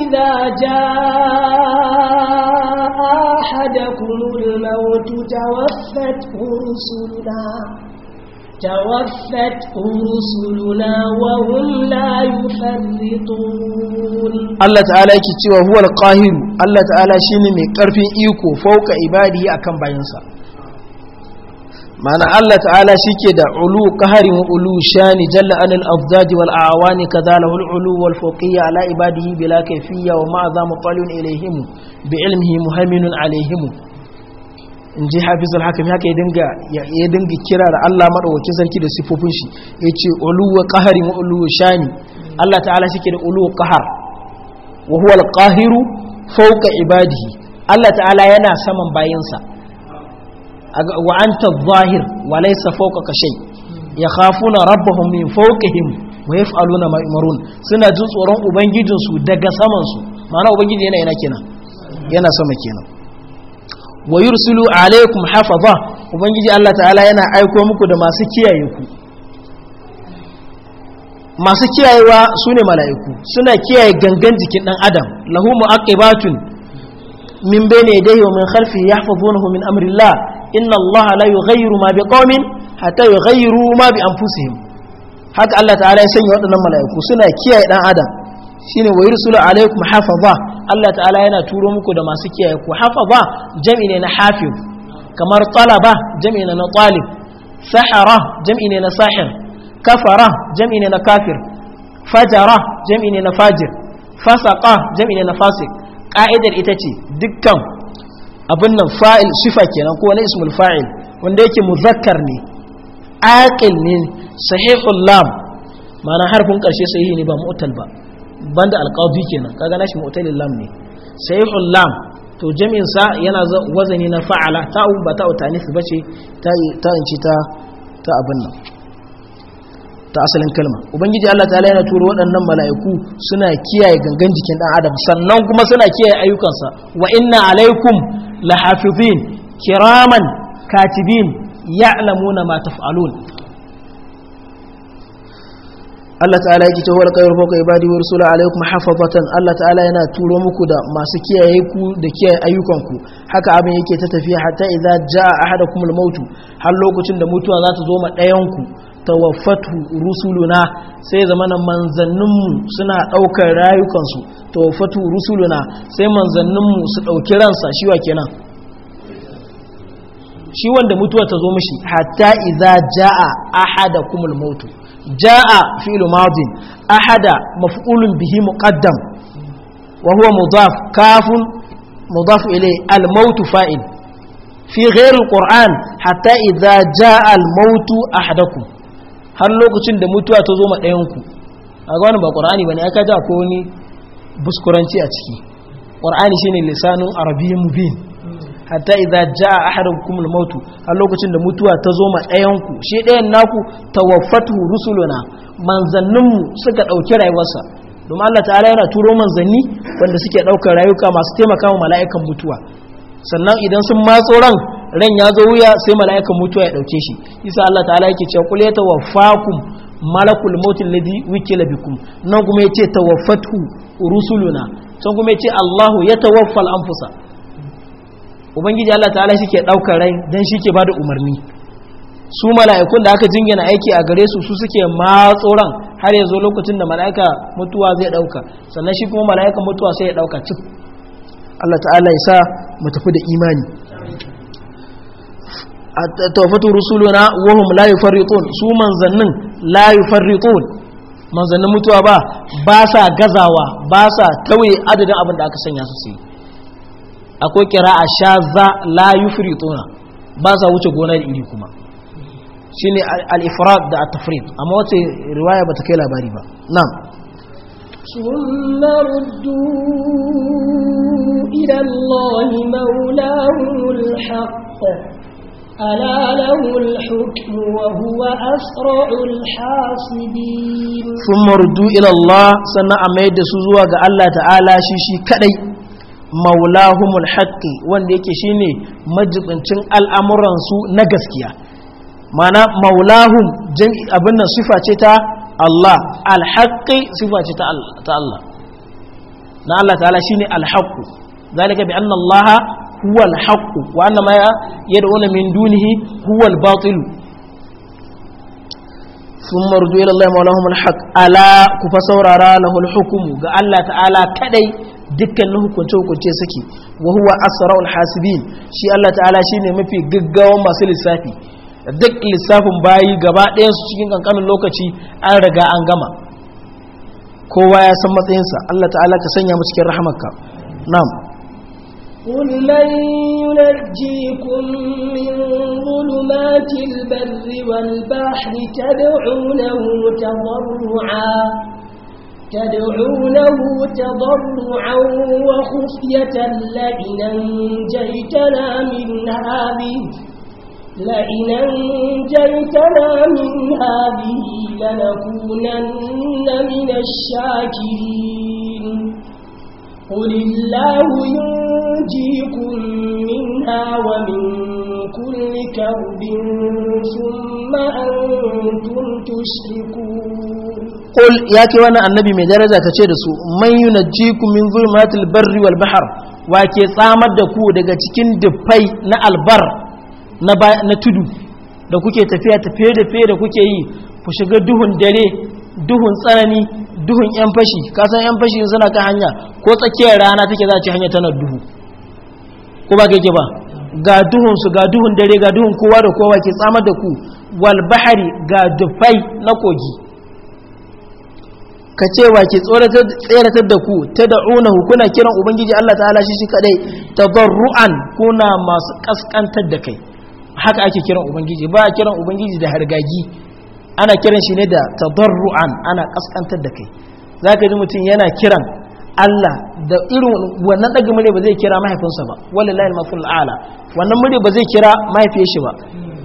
إذا جاء أحدكم الموت توفته رسلنا توفت رسلنا وهم لا يفرطون الله تعالى yake cewa huwal qahir Allah ta'ala shine mai karfin iko fauka ibadi akan bayansa mana Allah ta'ala shike da ulu qaharin ulu shani jalla anil afdadi wal awani kadhalahu al ulu wal fawqiyya ala ibadihi bila kayfiyya wa ma'a dha mutalun ilayhim bi ilmihi muhaiminun alayhim in ji Hafizu hakim haka ya dinga ya dinga kira da Allah madaukakin sarki da sifofin shi yace uluwa qahari wa uluwa shani Allah ta'ala shike da uluwa qahar wa huwa al-qahiru fawqa ibadihi Allah ta'ala yana saman bayinsa wa anta adh-dhahir wa laysa ka shay yakhafuna rabbahum min fawqihim wa yaf'aluna ma yu'marun suna jin tsoron ubangijinsu daga saman su ma'ana ubangiji yana yana kenan yana sama kenan wa yursilu alaikum hafaza ubangiji Allah ta'ala yana aiko muku da masu kiyaye ku masu kiyayewa sune mala'iku suna kiyaye gangan jikin dan adam lahu mu'aqibatun min bayni yadayhi wa min khalfihi yahfazunahu min amrillah inna Allah la yughayyiru ma biqaumin hatta yughayyiru ma bi anfusihim haka Allah ta'ala ya sanya waɗannan mala'iku suna kiyaye dan adam shine wa yursilu alaikum hafaza Allah ta'ala yana turo muku da masu kiyaye ku hafaza jam'i ne na hafiz kamar talaba jam'i ne na talib sahara jam'i ne na sahir kafara jam'i ne na kafir fajara jam'i ne na fajir fasaka jam'i ne na fasik ka'idar ita ce dukkan abin nan fa'il sifa kenan ko wani ismul fa'il wanda yake muzakkar ne aqil ne sahihul lam ma'ana harfin karshe sahihi ne ba mu'tal ba banda alqadi kenan kaga nashi mu'tali lam ne sayyul lam to jami'in sa yana wazani na fa'ala ta'u ba ta ta'u tanis bace ta ta inci ta ta abin nan ta asalin kalma ubangiji Allah ta'ala yana turo waɗannan mala'iku suna kiyaye gangan jikin dan adam sannan kuma suna kiyaye ayyukansa wa inna alaikum lahafizin kiraman katibin ya'lamuna ma taf'alun Allah ta'ala ya cewa wala kayar fawqa ibadi wa rusula alaikum hafazatan Allah ta'ala yana turo muku da masu kiyaye ku da kiyaye ayyukan ku haka abin yake ta tafiya hatta idza jaa ahadakum al-maut har lokacin da mutuwa za ta zo ma ɗayan ku tawaffatu rusuluna sai zamana mu suna ɗaukar rayukansu tawaffatu rusuluna sai mu su ɗauki ransa shi wa kenan shi wanda mutuwa ta zo mishi hatta idza jaa ahadakum al-maut ja'a fi'lu madin ahada maf'ulun bihi muqaddam wa huwa mudaf kafun mudaf ilay al maut fa'il fi ghairi alquran hatta idza ja'a almautu maut ahadakum har lokacin da mutuwa ta zo ma ɗayan ku a ga ba qur'ani bane aka ja ko wani buskuranci a ciki qur'ani shine lisanun arabiyyin mubin hatta idza jaa ahadukum al-maut a lokacin da mutuwa ta zo ma ɗayan ku shi ɗayan naku tawaffatu rusuluna manzannin mu suka dauki rayuwarsa domin Allah ta'ala yana turo manzanni wanda suke daukar rayuka masu taimaka wa mala'ikan mutuwa sannan idan sun matso ran ran ya zo wuya sai mala'ikan mutuwa ya dauke shi isa Allah ta'ala yake cewa qul tawaffakum malakul maut alladhi wukila bikum nan kuma yace tawaffatu rusuluna sun kuma yace Allahu yatawaffal anfusa ubangiji Allah ta'ala shi ke ɗaukar rai don shi ke ba da umarni su mala'ikun da aka jingina aiki a gare su su suke matsoran har ya zo lokacin da mala'ika mutuwa zai ɗauka sannan shi kuma mala'ika mutuwa sai ya ɗauka cik Allah ta'ala ya sa mu tafi da imani a rusulu na wahum layu yufarriqun su manzannin layu yufarriqun manzannin mutuwa ba ba sa gazawa ba sa tauye adadin abin da aka sanya su su yi akwai sha za la yufrituna ba sa wuce gonar iri kuma ne al-ifrad da at amma wace riwaya bata kai labari ba na'am ثم ردوا إلى الله مولاهم الحق su zuwa ga allah ta'ala الحاسبين ثم ردوا إلى الله سنة أميد سوزوا الله تعالى كدي maulahumul haqqi wanda yake shine majibincin al'amuransu na gaskiya mana maulahum abin nan sifa ce ta Allah alhaqqi sifa ce ta Allah na Allah ta'ala shine alhaqqu zalika bi anna Allah huwa alhaqqu wa anna ma yad'una min dunihi huwa albatil ثم ردوا الى الله مولاهم الحق الا كفسورا له ga Allah ta'ala kadai dukkanin hukunce hukunce suke wa huwa asraul hasibin shi Allah ta'ala ne mafi gaggawan masu lissafi duk lissafin bayi gaba ɗayan su cikin kankanin lokaci an riga an gama kowa ya san matsayinsa Allah ta'ala ka sanya mu cikin rahamarka na'am قل من ينجيكم من ظلمات البر والبحر تدعونه تضرعا تدعونه تضرعا وخفية لئن أنجيتنا من هذه لئن أنجيتنا من هذه لنكونن من الشاكرين قل الله ينجيكم منها ومن كل كرب ثم أنتم تشركون قل يا كيوانا النبي مدرزة تشيرس من ينجيكم من ظلمات البر والبحر wake tsamar da ku daga cikin dufai na albar na tudu da kuke tafiya tafiye da fiye da kuke yi ku shiga duhun dare duhun tsanani duhun yan fashi kasan yan fashi suna ka hanya ko tsakiyar rana take za ci hanya tana duhu ko ba ke ba ga duhunsu ga duhun dare ga duhun kowa da kowa ke tsamar da ku walbahari ga dufai na kogi ka ce wa ke tseratar da ku ta da'una kuna kiran ubangiji Allah ta'ala shi shi kadai tadarru'an kuna masu kaskantar da kai haka ake kiran ubangiji ba kiran ubangiji da hargagi ana kiran shi ne da ta tadarru'an ana kaskantar da kai za ka ji mutum yana kiran Allah da irin wannan ɗaga murya ba zai kira mahaifinsa ba wallahi al-maful ala wannan murya ba zai kira mahaifiyar shi ba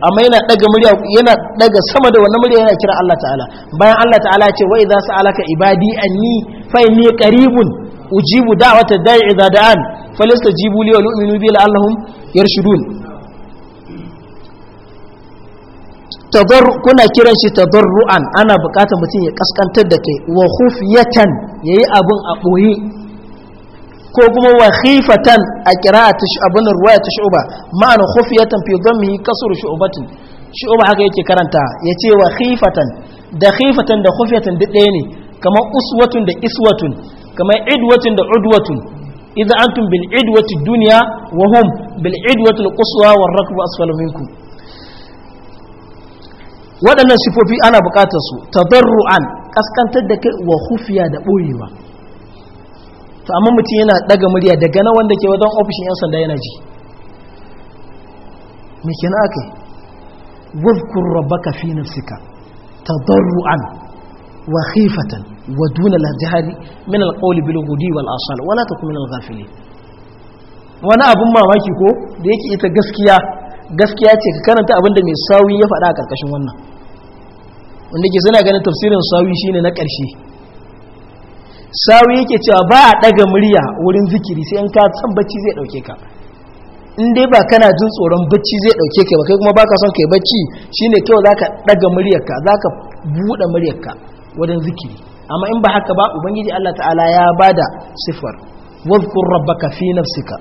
amma yana ɗaga murya yana ɗaga sama da wannan murya yana kira Allah ta'ala bayan Allah ta'ala ce wa idza sa'alaka ibadi anni fa inni qaribun ujibu da'wata da'i idza da'an falyastajibu li wa yu'minu bi la'allahum yarshudun kuna kiran shi tadarru'an ana bukatar mutum ya kaskantar da kai wa khufyatan yayi abun a boye ko kuma wa khifatan a qira'atu abun ruwaya ta shu'ba ma'ana khufyatan fi dhammihi kasr shu'batin shu'ba haka yake karanta yace wa khifatan da khifatan da khufyatan duk ɗaya ne kamar uswatun da iswatun kamar idwatun da udwatun idza antum bil idwati dunya wa hum bil idwati al quswa war rakbu asfalu minkum waɗannan sifofi ana buƙatar su ta tadarru'an ƙaskantar da kai wa hufiya da ɓoyewa to amma mutum yana ɗaga murya daga na wanda ke wajen ofishin 'yan sanda yana ji mai na aka yi rabba ka fi nafsika tadarru'an wa khifatan wa duna lajihari min al bil wal asal wala kuma min zafi ne. wani abun mamaki ko da yake ita gaskiya gaskiya ce ka karanta abin da mai sawi ya faɗa a ƙarƙashin wannan wanda ke suna ganin tafsirin sawi shine na ƙarshe sawi yake cewa ba a ɗaga murya wurin zikiri sai in ka bacci zai ɗauke ka in dai ba kana jin tsoron bacci zai ɗauke ka ba kai kuma baka son kai bacci shine kyau ka ɗaga muryarka zaka buɗe muryarka Wurin zikiri amma in ba haka ba ubangiji Allah ta'ala ya bada sifar wadhkur rabbaka fi nafsika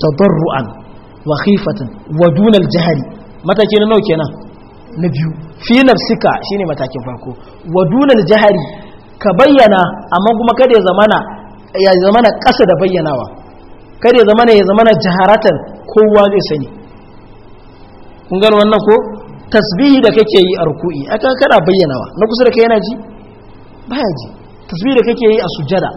tadarruan wakifatin wadunar wa mataki na nauke nan na biyu fi nafsika ne matakin farko wa dunal ka bayyana amma kuma kada ya zamana ya zamana kasa da bayyanawa kada ya zamana ya zamana jiharatar kowa zai sani kun gano wannan ko tasbihi da kake yi a ruku'i aka kana bayyanawa na kusa da kai yana ji baya ji tasbihi da kake yi a sujada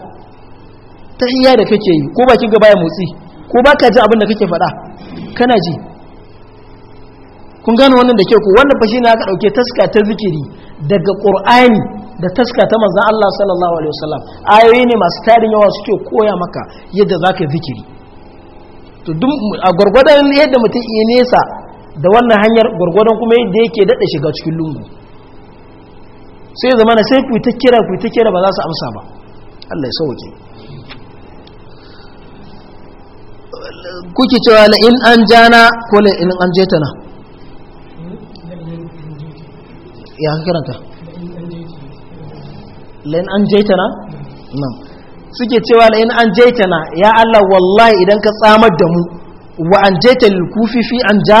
tahiyya da kake yi ko baki ga baya motsi ko baka ji abin da kake faɗa kana ji kun gano wannan da ke ku wannan fashi na aka ɗauke taska ta zikiri daga ƙur'ani da taska ta manzan Allah sallallahu alaihi wasallam ayoyi ne masu tarin yawa suke koya maka yadda za ka zikiri to a gwargwadon yadda mutum iya nesa da wannan hanyar gwargwadon kuma yadda yake daɗe shiga cikin lungu sai zamana sai ku ta kira ku ta ba za su amsa ba Allah ya sauke kuke cewa la in an jana ko la in an jetana ya ka kiranta la in an jetana nan suke cewa la in an jetana ya Allah wallahi idan ka tsamar da mu wa an jeta lil kufi fi an ja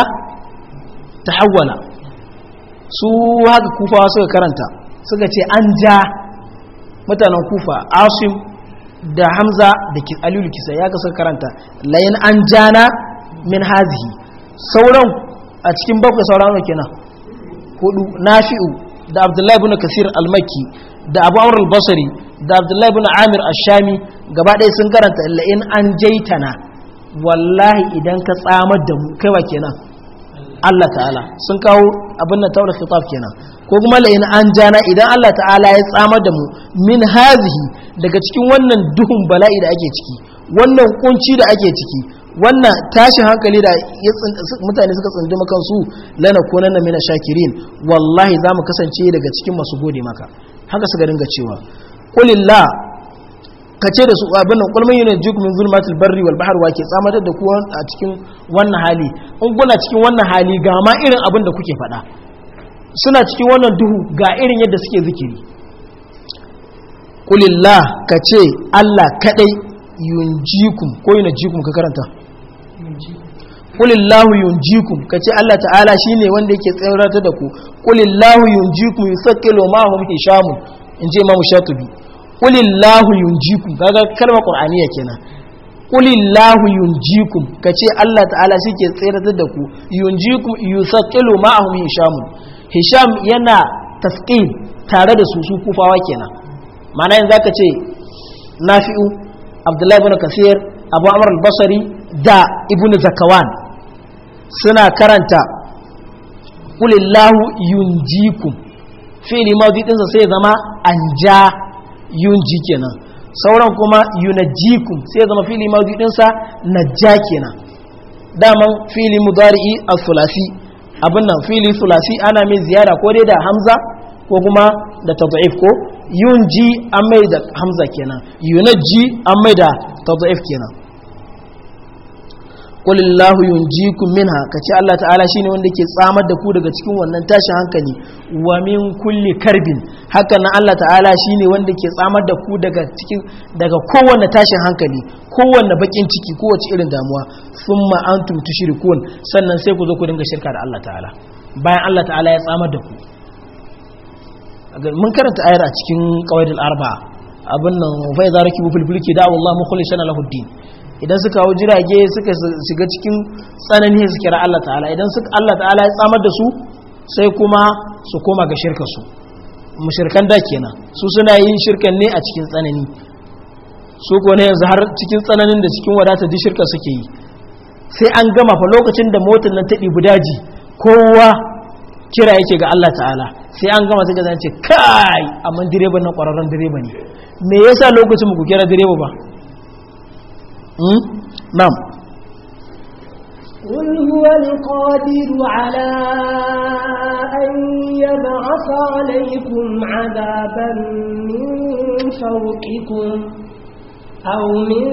tahawwala su haka kufawa suka karanta suka ce an ja mutanen kufa asim da hamza da aliyu kisa ya ka karanta layin an jana min hazihi sauran a cikin bakwai sauran wake na hudu nafi'u da abdullahi bin kasir al da abu amr al da abdullahi bin amir Ashami, shami gaba ɗaya sun karanta la'in an jaitana wallahi idan ka tsamar da mu kaiwa kenan Allah ta'ala sun kawo abin na taurar khitab kenan ko kuma la'in an jana idan Allah ta'ala ya tsamar da mu min hazihi daga cikin wannan duhun bala'i da ake ciki wannan kunci da ake ciki wannan tashi hankali da mutane suka tsundu makansu lana kunanna mina shakirin wallahi za mu kasance daga cikin masu gode maka haka suka dinga cewa kulillah ka ce da su abin nan kulmin yunan juk min zulmatul barri wal bahar wa ke tsamadar da ku a cikin wannan hali in kuna cikin wannan hali ga ma irin abin da kuke faɗa suna cikin wannan duhu ga irin yadda suke zikiri kulillah ka ce Allah kadai yunjikum ko kun ka karanta kulillahu yunjikum ka ce Allah ta'ala shi ne wanda yake tsirata da ku kulillahu yunjikum yusakkilu ma hum hisham in je imamu shatibi kulillahu yunjikum kaga kalma qur'aniya kenan kulillahu yunjikum ka ce Allah ta'ala shi ke tsirata da ku yunjikum yusakkilu ma hum hisham hisham yana tasqil tare da su su kufawa kenan ma'ana za zaka ce nafi'u abdullahi ibn kasir abu amr al-basri da ibn zakawan suna karanta kulillahu yunjikum fi'li madi din sai zama anja yunji kenan sauran kuma yunajikum sai zama fi'li madi din sa najja kenan daman fi'li mudari'i as-sulasi abin nan fi'li sulasi ana min ziyara ko dai da hamza ko kuma da tad'if ko yun ji an mai da hamza kenan yunaji an mai da tazaif kenan kulillahu yunjikum minha kace Allah ta'ala shine wanda ke tsamar da ku daga cikin wannan tashin hankali wa min kulli karbin haka nan Allah ta'ala shine wanda ke tsamar da ku daga cikin daga kowanne tashin hankali kowanne bakin ciki kowace irin damuwa summa antum tushirikun sannan sai ku zo ku dinga shirka da Allah ta'ala bayan Allah ta'ala ya tsamar da ku mun karanta ayar a cikin dal arba abin nan za idza rakibu fil fulki da Allah shana lahu din idan suka hau jirage suka shiga cikin tsanani su kira Allah ta'ala idan suka Allah ta'ala ya tsamar da su sai kuma su koma ga shirka su da kenan su suna yin shirkan ne a cikin tsanani su ko ne yanzu har cikin tsananin da cikin wadata duk shirka suke yi sai an gama fa lokacin da motar nan ta ɗibi daji kowa kira yake ga Allah ta'ala sai an gama sai zance ce kai amma direban nan kwararren direba ne me yasa lokacin ku kira direba ba hmm? na'am قل هو القادر على أن يبعث عليكم عذابا من فوقكم أو من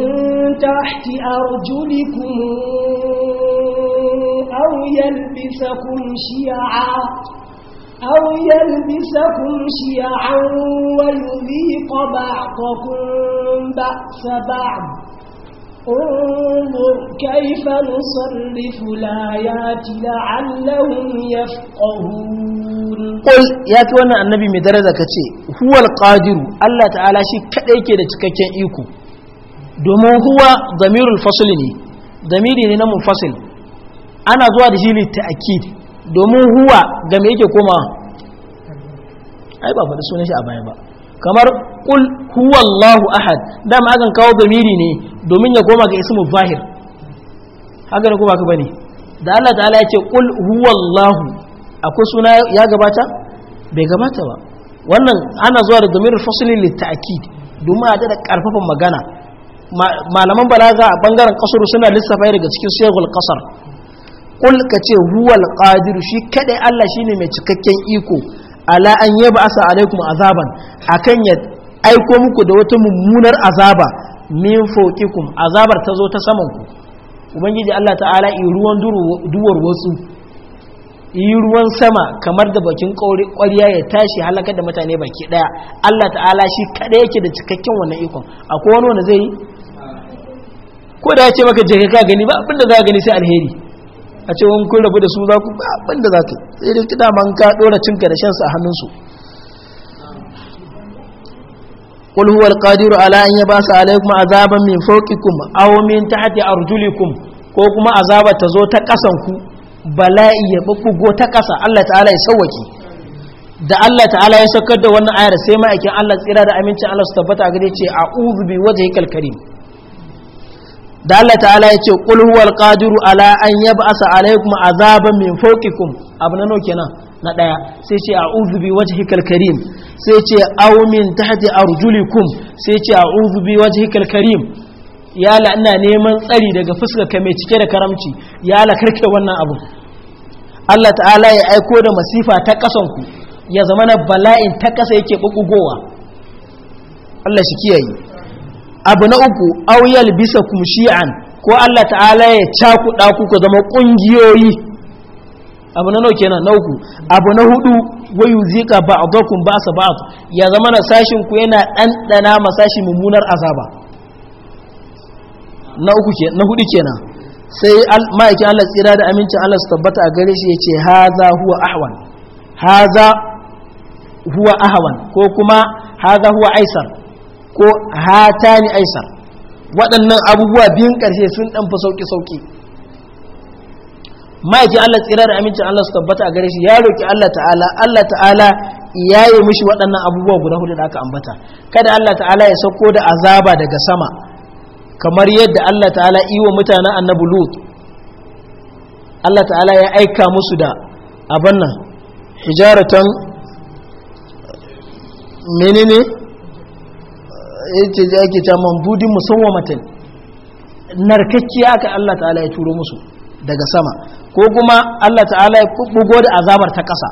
تحت أرجلكم أو يلبسكم شيعا أو يلبسكم شيعا ويذيق بعضكم بأس بعض انظر كيف نصرف الآيات لعلهم يفقهون قل يا توانا النبي مدرزة كتشي هو القادر الله تعالى شيء كأيك لتككين إيكو domin huwa damirul fasli ne damiri ne na munfasil ana zuwa da shi litta'akid domin huwa ga me yake koma ai ba faɗi sunan shi a baya ba kamar kul huwa Allahu ahad dama akan kawo gamiri ne domin ya koma ga ismu zahir haka ne ko ba ka bane da Allah ta'ala ya ce kul huwa Allahu akwai suna ya gabata bai gabata ba wannan ana zuwa da domin fasilin litta'akid domin a da magana malaman balaga a bangaren kasuru suna lissafa daga cikin shegul kasar kul ka ce huwal qadir shi kadai Allah shine mai cikakken iko ala an yaba asa alaikum azaban akan ya aiko muku da wata mummunar azaba min fawqikum azabar ta zo ta saman ku ubangiji Allah ta'ala yi ruwan duwar wasu yi ruwan sama kamar da bakin ƙwariya ya tashi halakar da mutane baki daya Allah ta'ala shi kadai yake da cikakken wannan ikon akwai wani wanda zai yi ko da ya ce maka je ka gani ba abinda za gani sai alheri a ce wani kun rabu da su za ku abin da za ka yi. dai kida man ka dora cinka da shansa a hannunsu qul huwa al-qadiru ala an yabasa alaykum azaban min fawqikum aw min tahti arjulikum ko kuma azaba ta zo ta kasan ku bala'i ya go ta kasa Allah ta'ala ya sauwaki da Allah ta'ala ya saukar da wannan ayar sai ma'aikin Allah tsira da amincin Allah su tabbata ga dai ce a'udhu bi wajhikal karim da Allah ta'ala ya ce qul huwal qadiru ala an yab'asa alaykum azaban min fawqikum abu na nauke nan na daya sai ce a'udhu bi wajhikal karim sai ce aw min tahti arjulikum sai ce a'udhu bi wajhikal karim ya la ina neman tsari daga fuskar ka mai cike da karamci ya la karke wannan abu Allah ta'ala ya aiko da masifa ta kasan ku ya zama na bala'in ta kasa yake bugugowa Allah shi kiyaye abu na uku auyal bisa kum shi'an ko Allah ta'ala ya cakuɗa ku ku zama ƙungiyoyi abu na nau kenan na uku abu na hudu wayu zika ba'dakum ba ba'd ya zama na sashin ku yana ɗanɗana masashi mummunar azaba na uku ke na hudu kenan sai ma'aikin Allah tsira da amincin Allah su tabbata a gare shi yace haza huwa ahwan haza huwa ahwan ko kuma haza huwa aisar ko ni aisar waɗannan abubuwa biyun ƙarshe sun ɗan fi sauƙi sauƙi ma'aikin Allah tsira da amincin Allah su tabbata a gare shi ya roƙi Allah ta'ala Allah ta'ala ya yi mishi waɗannan abubuwa guda hudu da aka ambata kada Allah ta'ala ya sauko da azaba daga sama kamar yadda Allah ta'ala iwa mutanen annabi Lut Allah ta'ala ya aika musu da abin nan hijaratan menene yace da yake ta mambudin musawwamatin narkakkiya aka Allah ta'ala ya turo musu daga sama ko kuma Allah ta'ala ya bugo da azabar ta ƙasa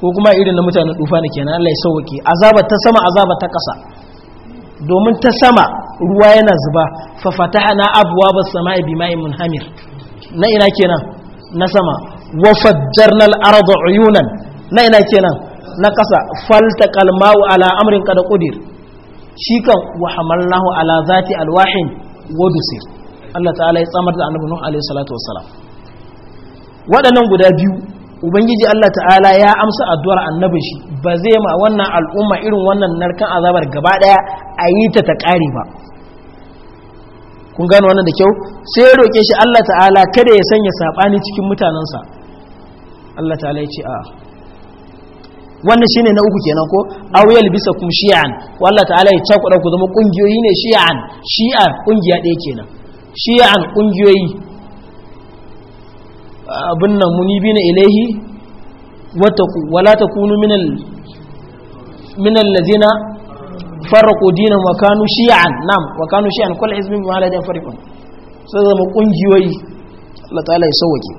ko kuma irin na mutanen dufa ne kenan Allah ya sauke azabar ta sama azabar ta ƙasa domin ta sama ruwa yana zuba fa fatahna abwaabas samaa'i bima'in munhamir na ina kenan na sama wa fajjarnal arda uyunan na ina kenan na ƙasa falta kalmawu ala amrin kada kudir shi kan wa hamalnahu ala zati alwahin wa Allah ta'ala ya tsamar da annabi Nuh alaihi salatu wassalam waɗannan guda biyu ubangiji Allah ta'ala ya amsa addu'ar annabin shi ba zai ma wannan al'umma irin wannan narkan azabar gaba ɗaya a yi ta ta ƙare ba kun gano wannan da kyau sai ya roƙe shi Allah ta'ala kada ya sanya saɓani cikin mutanensa Allah ta'ala ya ce a wannan shine na uku kenan ko awyal bisa kum shi'an wallah ta'ala ya cakuɗa ku zama kungiyoyi ne shi'an shi'a kungiya ɗaya kenan shi'an kungiyoyi abin nan munibina ilaihi ku wala kunu minal minal ladina farraqu dinan wa kanu shi'an nam wa kanu shi'an kullu hizbin ma la yafriqun sai zama kungiyoyi Allah ta'ala ya sauke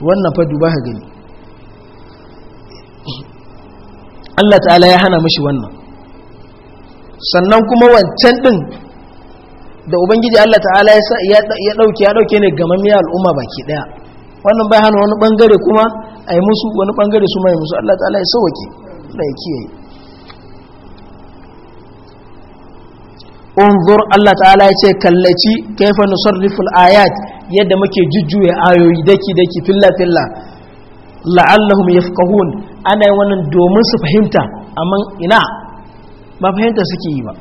wannan fa duba ka gani Allah ta'ala ya hana mashi wannan sannan kuma wancan din da ubangiji Allah ta'ala ya dauke ya dauke ne gamammiya al'umma baki daya wannan bai hana wani bangare kuma a yi musu wani bangare su mai musu Allah ta'ala ya sauwake da ya kiyaye unzur Allah ta'ala ya ce kallaci kaifa nusarriful ayat yadda muke jujjuya ayoyi daki daki filla filla la'allahum yafqahun ana yi wannan domin su fahimta amma ina ba fahimta suke yi ba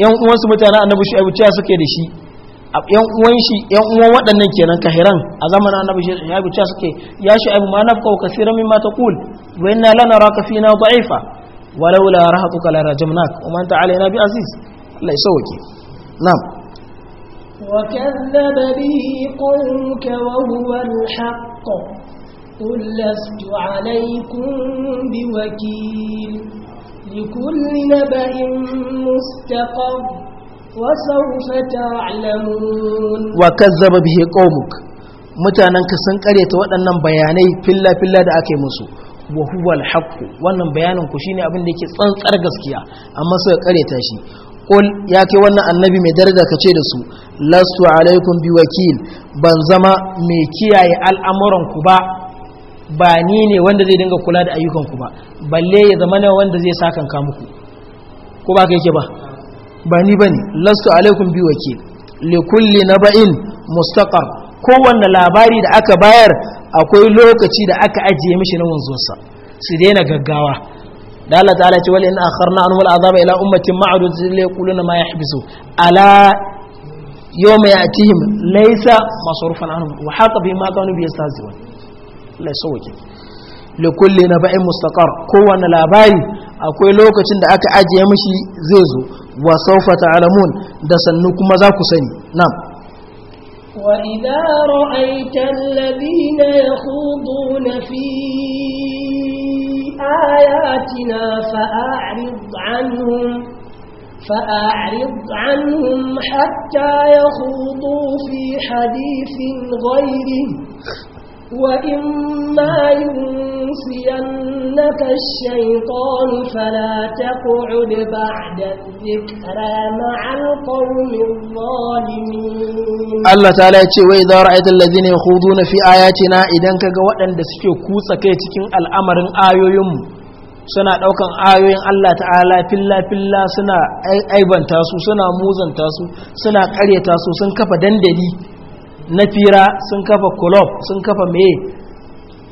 yan uwansu mutane annabi shi cewa suke da shi yan uwan shi yan uwan waɗannan kenan kahiran a zamanin annabi shu'aibu cewa suke ya shi abu ma nafqahu kaseeran mimma taqul wa inna raka fina da'ifa walaula rahatuka la rajamnak wa man ta'ala nabi aziz Allah ya sauke na'am qulka wa huwa al-haqq قل لست عليكم بوكيل لكل نبأ مستقر وسوف تعلمون وكذب به قومك mutanenka sun karyata waɗannan bayanai filla-filla da aka yi musu wa wannan bayanin ku shine abin da yake tsantsar gaskiya amma suka karyata shi qul ya kai wannan annabi mai daraja ka ce da su lastu alaikum wakil ban zama mai kiyaye al'amuran ku ba ba ni ne wanda zai dinga kula da ayyukanku ba balle ya zama na wanda zai sakan ka muku ko ba ka yake ba ba ni ba ne lastu alaikum bi wakil likulli naba'in mustaqar kowanne labari da aka bayar akwai lokaci da aka ajiye mishi na wanzuwarsa su daina gaggawa da Allah ta'ala ce wal in akharna anhu al'azaba ila ummatin ma'dud la yaquluna ma yahbisu ala yawma ya'tihim laysa masrufan anhum wa haqa bima kanu bi Allah ya sauke likulli na ba'in mustaqar kowane labari akwai lokacin da aka ajiye mishi zai zo wa saufa ta'lamun da sannu kuma za ku sani na'am وإذا رأيت الذين يخوضون في آياتنا فأعرض عنهم فأعرض عنهم حتى يخوضوا في حديث غيره Waɗanne ne kuma in sayar da kashe ƙone ta da, ta kucir da baƙa da zubar da muka yi? Wani ne zan kalli ko wani? wai zawar a ya ce na, idan ka ga waɗanda suke kutsa kai cikin al'amarin ayoyinmu, suna ɗaukar ayoyin Allah ta'ala lafiyar lafiyar suna aibanta su, suna muzanta su, suna ƙarya tasu, sun kafa dandali. na fira sun kafa kulob sun kafa meye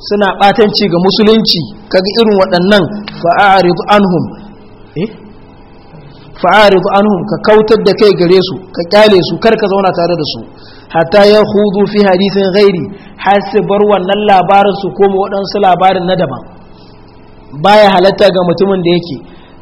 suna batanci ga musulunci kaga irin waɗannan fa'aridu anhum eh? anhum ka kautar da kai gare su ka kyale su kar ka zauna tare da su hatta ya hudu fi hadithin ghairi har su bar wannan labarin su koma waɗansu labarin na daban baya halatta ga mutumin da yake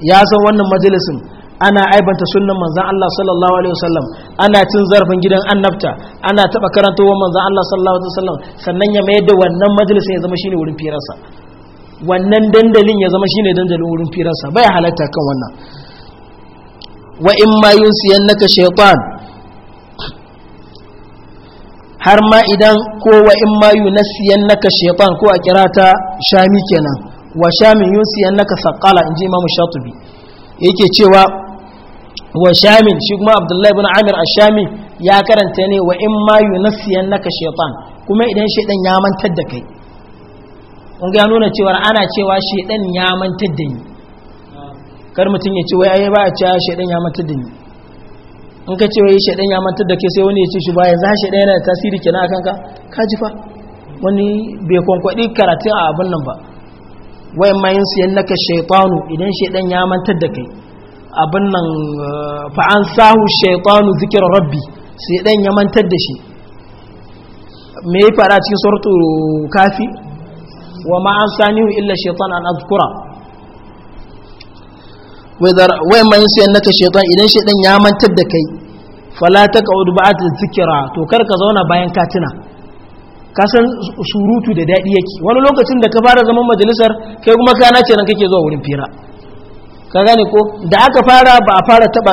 ya san wannan majalisin ana aibanta sunnan manzan Allah sallallahu alaihi wasallam ana cin zarafin gidan annabta ana taba karantowa manzan Allah sallallahu alaihi wasallam sannan ya mayar da wannan majalisa ya zama shine wurin firarsa wannan dandalin ya zama shine dandalin wurin firarsa bai halatta kan wannan wa in ma yunsiyannaka shaytan har ma idan ko wa in ma yunsiyannaka shaytan ko a kirata shami kenan wa shamin yunsiyannaka saqala inji imamu shatibi yake cewa wa shamin shi kuma abdullahi ibn amir ashami ya karanta ne wa in ma yunasiyan naka shaitan kuma idan shaitan ya mantar da kai kun ga nuna cewa ana cewa shaitan ya mantar da ni kar mutum ya ce wai ai ba a cewa shaitan ya mantar da ni in ka ce wai shaitan ya mantar da kai sai wani ya ce shi ba yanzu shaitan yana da tasiri kenan akan ka ka ji fa wani bai kwankwadi karatun a abin nan ba wai ma yin siyan naka shaitanu idan shaitan ya mantar da kai abin nan eh, fa'an sahu shaitanu zikir rabbi sai ɗan ya da shi me yi fara cikin sortu kafi wa ma'an sanihu illa shaitan an azkura wai ma yi sayan naka shaitan idan shi ya mantar da kai falata ka udu ba'at zikira to kar ka zauna bayan katina ka san surutu da daɗi yake wani lokacin da ka fara zaman majalisar kai kuma kana ce nan kake zuwa wurin fira ka gane ko da aka fara ba a fara taba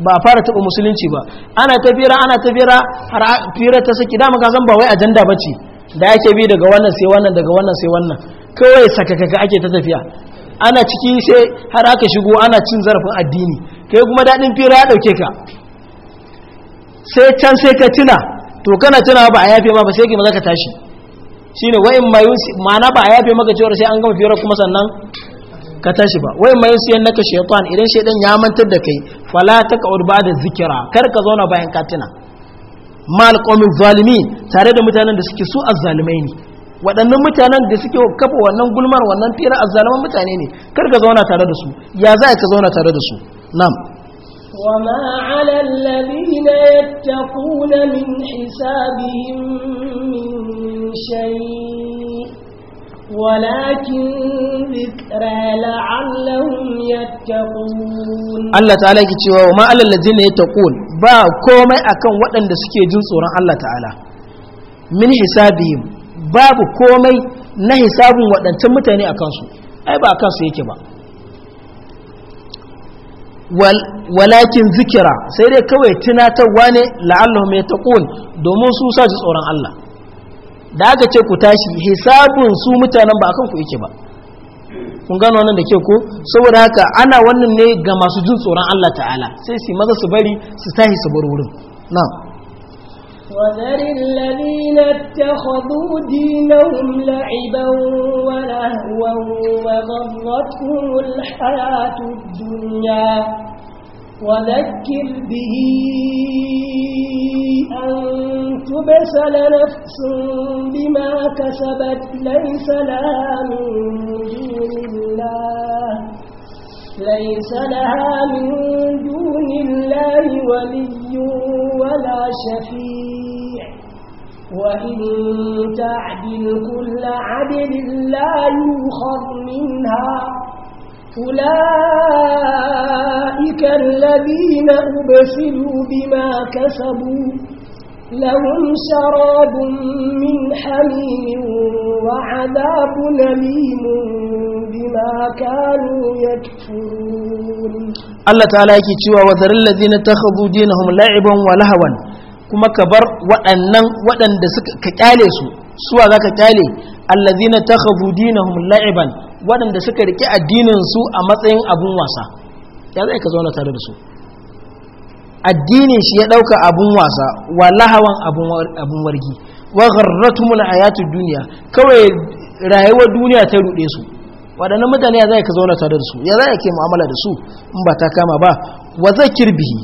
ba a fara taba musulunci ba ana fira ana fira har fira ta saki dama ka san ba wai ajanda bace da ake bi daga wannan sai wannan daga wannan sai wannan kawai sakakaka ake ta tafiya ana ciki sai har aka shigo ana cin zarafin addini kai kuma dadin fira ya dauke ka sai can sai ka tuna to kana tuna ba a yafe ma ba sai kima ka tashi shine wa'in in ma'ana ba a yafe maka cewa sai an gama fira kuma sannan ka tashi ba wai mai sayan naka shaitan idan shaitan ya mantar da kai fala ta ka'ud ba da zikira kar ka zauna bayan katina mal qawmin zalimin tare da mutanen da suke su azzalimai ne waɗannan mutanen da suke kafa wannan gulmar wannan fira azzaliman mutane ne kar ka zauna tare da su ya za ka zauna tare da su na'am وما على الذين يتقون من حسابهم من شيء Allah ta'ala ki cewa wa ma'alar lajin ya ta ba komai akan waɗanda suke jin tsoron Allah ta'ala min hisabi babu komai na hisabin waɗancan mutane a kansu ai ba a kansu yake ba walakin zikira sai dai kawai tunatarwa ne la'allahu mai ta domin su sa ji tsoron Allah da aka ce ku tashi hisabun su mutanen ba akan ku yake ba kun gano wannan da ke ko saboda haka ana wannan ne ga masu jin tsoron Allah ta'ala sai su maza su bari su tashi su bar wurin na وذر الذين اتخذوا دينهم لعبا ولهوا وغرتهم الحياة الدنيا وذكر به أن تبسل نفس بما كسبت ليس لها من دون الله ليس لها من دون الله ولي ولا شفيع وإن تعدل كل عدل لا يؤخذ منها أولئك الذين أبسلوا بما كسبوا لهم شراب من حميم وعذاب أليم بما كانوا يكفرون الله تعالى يكتوى وذر الذين اتخذوا دينهم لعبا ولهوا kuma ka bar waɗannan waɗanda suka ka kyale su suwa za ka kyale allazina dinahum la'iban waɗanda suka rike addinin su a matsayin abun wasa ya zai ka zauna tare da su addinin shi ya ɗauka abun wasa wa lahawan abun wargi wa a hayatu duniya kawai rayuwar duniya ta ruɗe su waɗannan mutane ya zai ka zauna tare da su ya zai ke mu'amala da su in ba ta kama ba wa zakir bihi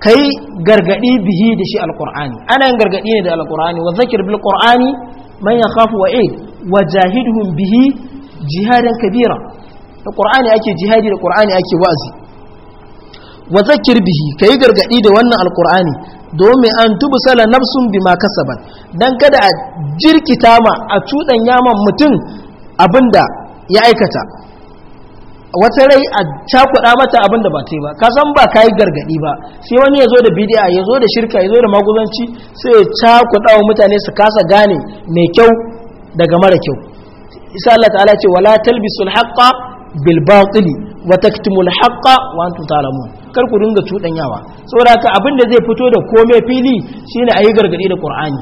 kai gargaɗi bihi da shi alƙur'ani ana yin gargaɗi ne da alƙur'ani wa zakir bil qur'ani man yakhafu wa'id wa eh, jahidhum bihi Jihadin kabira da ƙur'ani ake jihadi da ake wa'azi wa zakir bihi yi gargadi da wannan Alƙur'ani domin an tubsala nafsun kasa ba dan kada a jirkita ma a cudan yaman mutum da ya aikata wata rai a cakuɗa mata abinda ba ta yi ba ka san ba ka yi gargaɗi ba sai wani ya zo da bidiya ya zo da shirka ya zo da maguzanci sai ya cakuɗa wa mutane su kasa gane mai kyau daga mara kyau isa Allah ta'ala ce wala talbisul haqqa bil batili wa taktumul haqqa wa antum ta'lamun kar ku dinga cudanyawa saboda ka abin da zai fito da komai fili shine ayi gargadi da qur'ani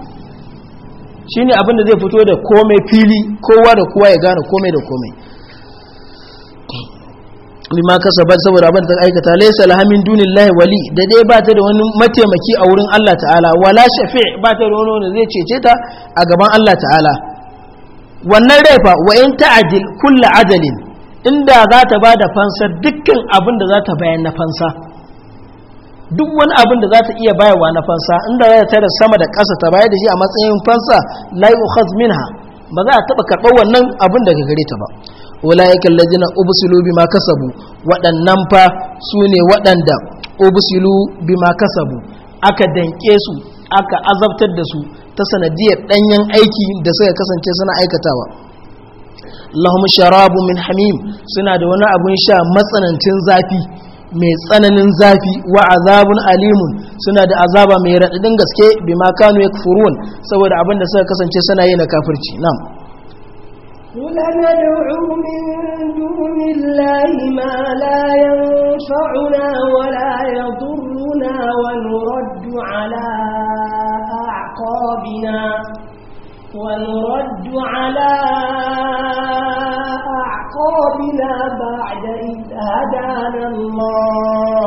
shine abin da zai fito da komai fili kowa da kowa ya gane komai da komai lima kasabar saboda abin da aikata laysa lahamin dunillahi wali da dai ba ta da wani mataimaki a wurin Allah ta'ala wala shafi' ba ta da wani wanda zai cece ta a gaban Allah ta'ala wannan raifa wa in ta'dil kullu adalin inda za ta ba da fansa dukkan abin da za ta bayan na fansa duk wani abin da za ta iya bayarwa na fansa inda za ta tara sama da ƙasa ta bayar da shi a matsayin fansa la yu'khaz minha ba za a taba karɓar wannan abin daga gare ta ba ulaika allazina ubsilu bima kasabu waɗannan fa su ne waɗanda ubsilu bima kasabu aka danke su aka azabtar da su ta sanadiyar ɗanyen aiki da suka kasance suna aikatawa lahum sharabu min hamim suna da wani abun sha matsanancin zafi mai tsananin zafi wa azabun alimun suna da azaba mai raɗaɗin gaske bi ma ya kufurun saboda abin da suka kasance suna yi na kafirci nam قل ندعو من دون الله ما لا ينفعنا ولا يضرنا ونرد أعقابنا ونرد على أعقابنا بعد إذ هدانا الله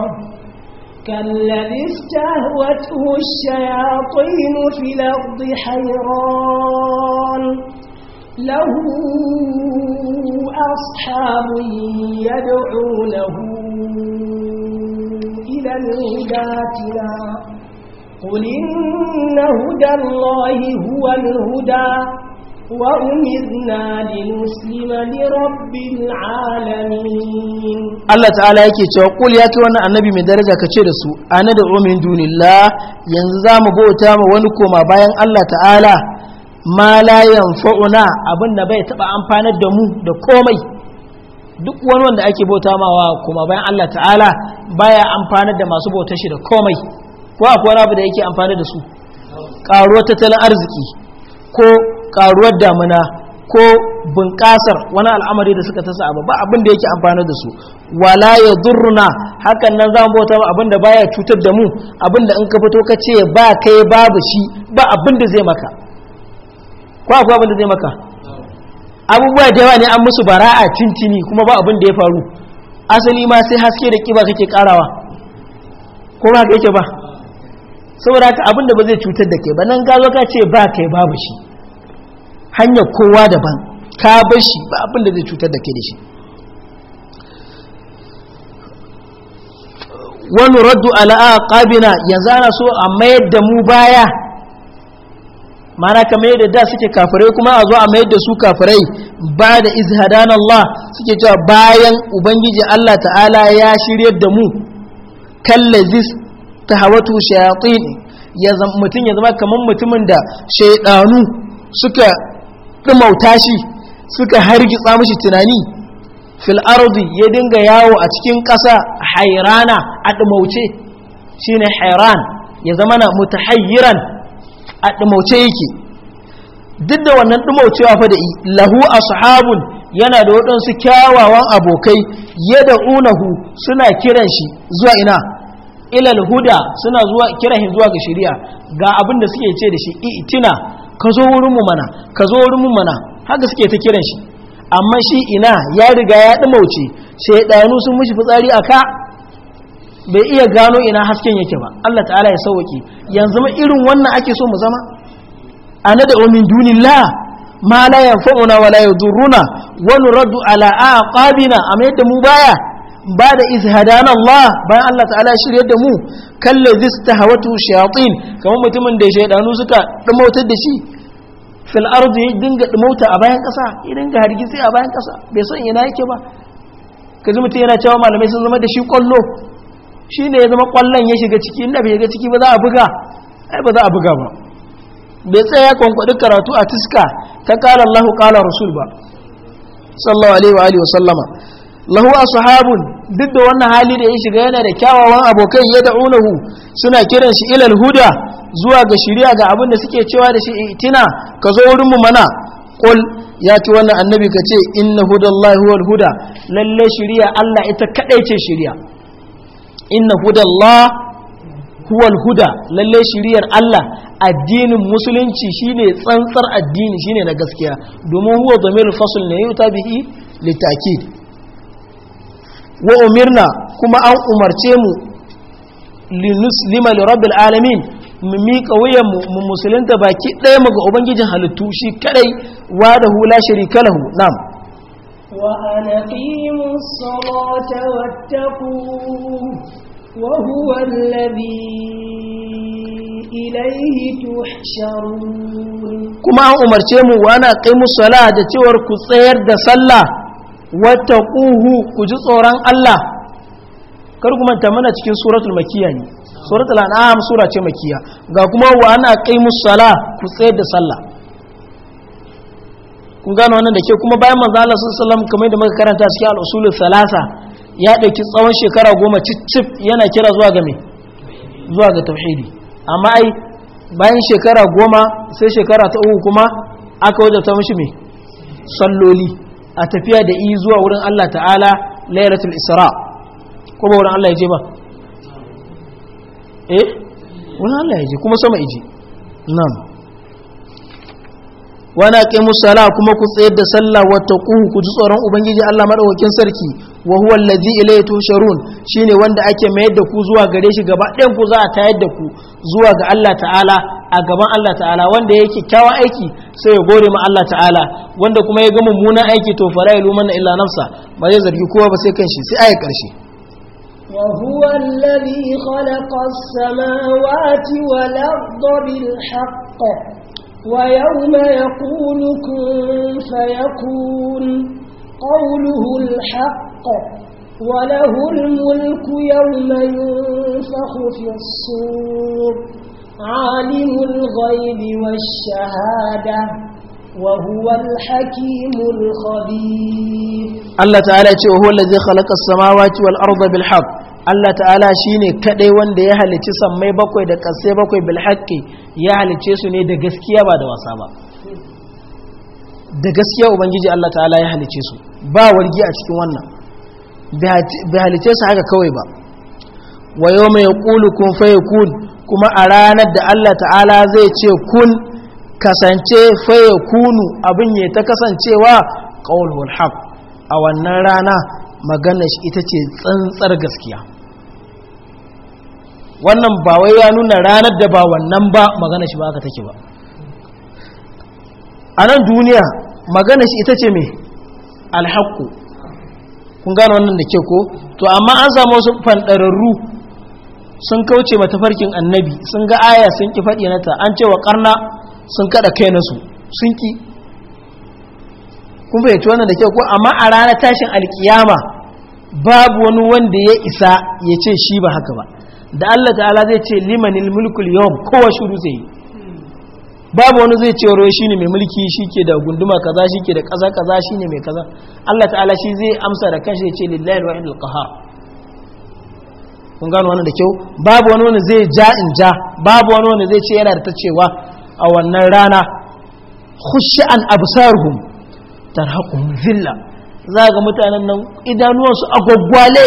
كالذي استهوته الشياطين في الأرض حيران له أصحاب يدعونه إلى الهداة قل إن هدى الله هو الهدى وأمرنا لنسلم لرب yake cewa kul ya kai wannan annabi mai daraja ka ce da su ana da umin dunillah yanzu za mu bauta ma wani koma bayan Allah ta'ala ma la abin da bai taɓa amfanar da mu da komai duk wani wanda ake bauta wa koma bayan Allah ta'ala baya amfanar da masu bautar shi da komai ko akwai wani abu da yake amfani da su karuwar tattalin arziki ko karuwar damina ko bunƙasar wani al'amari da suka tasa abu ba abin da yake amfani da su wala ya durruna hakan nan za mu bauta ba abin da baya cutar da mu abin da in ka fito ka ce ba kai babu shi ba abin da zai maka ko akwai abin da zai maka abubuwa da yawa ne an musu bara'a cincini kuma ba abin da ya faru asali ma sai haske da kiba kake karawa ko ba ka yake ba saboda haka abinda ba zai cutar da ke ba nan gazo ka ce ba kai babu shi hanyar kowa daban ka bar shi ba abinda zai cutar da ke da shi wani raddu ala'a ƙabina yanzu ana so a mayar da mu baya mana ka mayar da suke kafirai kuma a zo a mayar da su kafirai ba da izhadan Allah suke cewa bayan ubangiji Allah ta'ala ya shirya da mu kallazis tahawatu shayatin mutum ya zama kamar mutumin da shaidanu suka dumauta shi suka hargitsa mashi tunani fil ya dinga yawo a cikin ƙasa hairana a dumauce shine hairan ya zama na mutahayyiran a dumauce yake duk da wannan ɗumaucewa fa da lahu ashabun yana da waɗansu kyawawan abokai Unahu suna kiran shi zuwa ina ilal huda suna zuwa kirahin zuwa ga shari'a ga abin da suke ce da shi itina ka zo wurin mu mana ka zo wurin mu mana haka suke ta kiran shi amma shi ina ya riga ya dumauce shaydanu sun mishi fitsari aka bai iya gano ina hasken yake ba Allah ta'ala ya sauke yanzu ma irin wannan ake so mu zama ana da umin dunillah ma la yanfa'una wa la yadurruna wa nuraddu ala aqabina amma yadda mu baya ba da izhadan Allah bayan Allah ta'ala ya shirye da mu kalle zista hawatu shayatin kamar mutumin da shaidanu suka dumautar da shi fil ardi ya dinga dumauta a bayan kasa ya dinga hargitsi a bayan kasa bai san ina yake ba kaji mutum yana cewa malamai sun zama da shi kwallo ne ya zama kwallon ya shiga ciki inda bai shiga ciki ba za a buga ai ba za a buga ba bai tsaya kwankwadi karatu a tiska ta kala Allah kala rasul ba sallallahu alaihi wa alihi wa sallama lahu ashabun duk da wannan hali da ya shiga yana da kyawawan abokai ya da'unahu suna kiran shi ilal huda zuwa ga shari'a ga abin da suke cewa da shi itina ka zo wurin mu mana qul ya ci wannan annabi ka ce inna hudallahi huwal huda lalle shari'a Allah ita kadai ce shari'a inna hudallahi huwal huda lalle shari'ar Allah addinin musulunci shine tsantsar addini shine na gaskiya domin huwa dhamir fasl ne yuta bihi litakid wa umirna kuma an umarce mu linuslima li rabbil alamin mu miƙa wuyan mu musulunta baki ɗaya mu ga ubangijin halittu shi kadai wa da hu la sharika lahu na'am wa anaqimu as-salata wattaqu wa huwa alladhi ilayhi tuhsharun kuma an umarce mu wa na qimu salat da cewar ku tsayar da sallah wata ƙuhu ku ji tsoron Allah kar kuma ta mana cikin suratul makiya ne suratul an'am sura ce makiya ga kuma wa ana kai sala ku tsayar da sallah kun gano wannan da ke kuma bayan manzo Allah sallallahu alaihi kamar da muka karanta cikin al-usulul salasa ya dauki tsawon shekara goma cicif yana kira zuwa ga me zuwa ga tauhidi amma ai bayan shekara goma sai shekara ta uku kuma aka wajabta mishi me salloli a tafiya da yi zuwa wurin Allah ta'ala lairatul isra ko ba wurin Allah ya je ba eh wurin Allah ya je kuma sama je nan na kai musala kuma ku tsayar da sallah wa taquhu ku ji tsoron ubangiji Allah madaukakin sarki wa huwa allazi ilayhi tusharun shine wanda ake mayar da ku zuwa gare shi gaba ɗayan ku za a tayar da ku zuwa ga Allah ta'ala a gaban Allah ta'ala wanda ya kyakkyawa aiki sai ya gode ma Allah ta'ala wanda kuma ya ga muna aiki to fara ya lumanna illa nafsa ba zai zargi kowa ba sai kanshi sai aya karshe وهو الذي خلق السماوات والأرض بالحق ويوم يقول كن فيكون قوله الحق وله الملك يوم ينفخ في الصور عالم الغيب والشهادة وهو الحكيم الخبير الله تعالى وهو الذي خلق السماوات والأرض بالحق Allah ta'ala shi ne kaɗai wanda ya halicci sammai bakwai da ƙasai bakwai bilhaƙi ya halicce su ne da gaskiya ba da wasa ba da gaskiya ubangiji Allah ta'ala ya halicce su ba wargi a cikin wannan bai halicce su haka kawai ba wa yau mai kun fa kuma a ranar da Allah ta'ala zai ce kun kasance faye kunu abin ya ta kasancewa ƙaunar haf a wannan rana magana shi ita ce tsantsar gaskiya wannan ba wai ya nuna ranar da ba wannan ba magana shi ba aka take ba a nan duniya magana shi ita ce mai alhaku kun gano wannan da ke ko to amma an samu wasu fanɗararru sun kauce mata farkin annabi sun ga aya sun ki faɗi nata an ce wa karna sun kada kai na su sun ki kun fahimci wannan da kyau ko amma a ranar tashin alkiyama babu wani wanda ya isa ya ce shi ba haka ba da Allah ta'ala zai ce limanil mulkul yawm kowa shuru zai babu wani zai ce ruwa shine mai mulki shike da gunduma kaza shike da kaza kaza shine mai kaza Allah ta'ala shi zai amsa da kanshi ya ce lillahi al-wahidul qahar kun gano wannan da kyau babu wani wani zai ja in ja babu wani wani zai ce yana da ta cewa a wannan rana khushi an absaruhum tarhaqum zilla za ga mutanen nan su agwagwale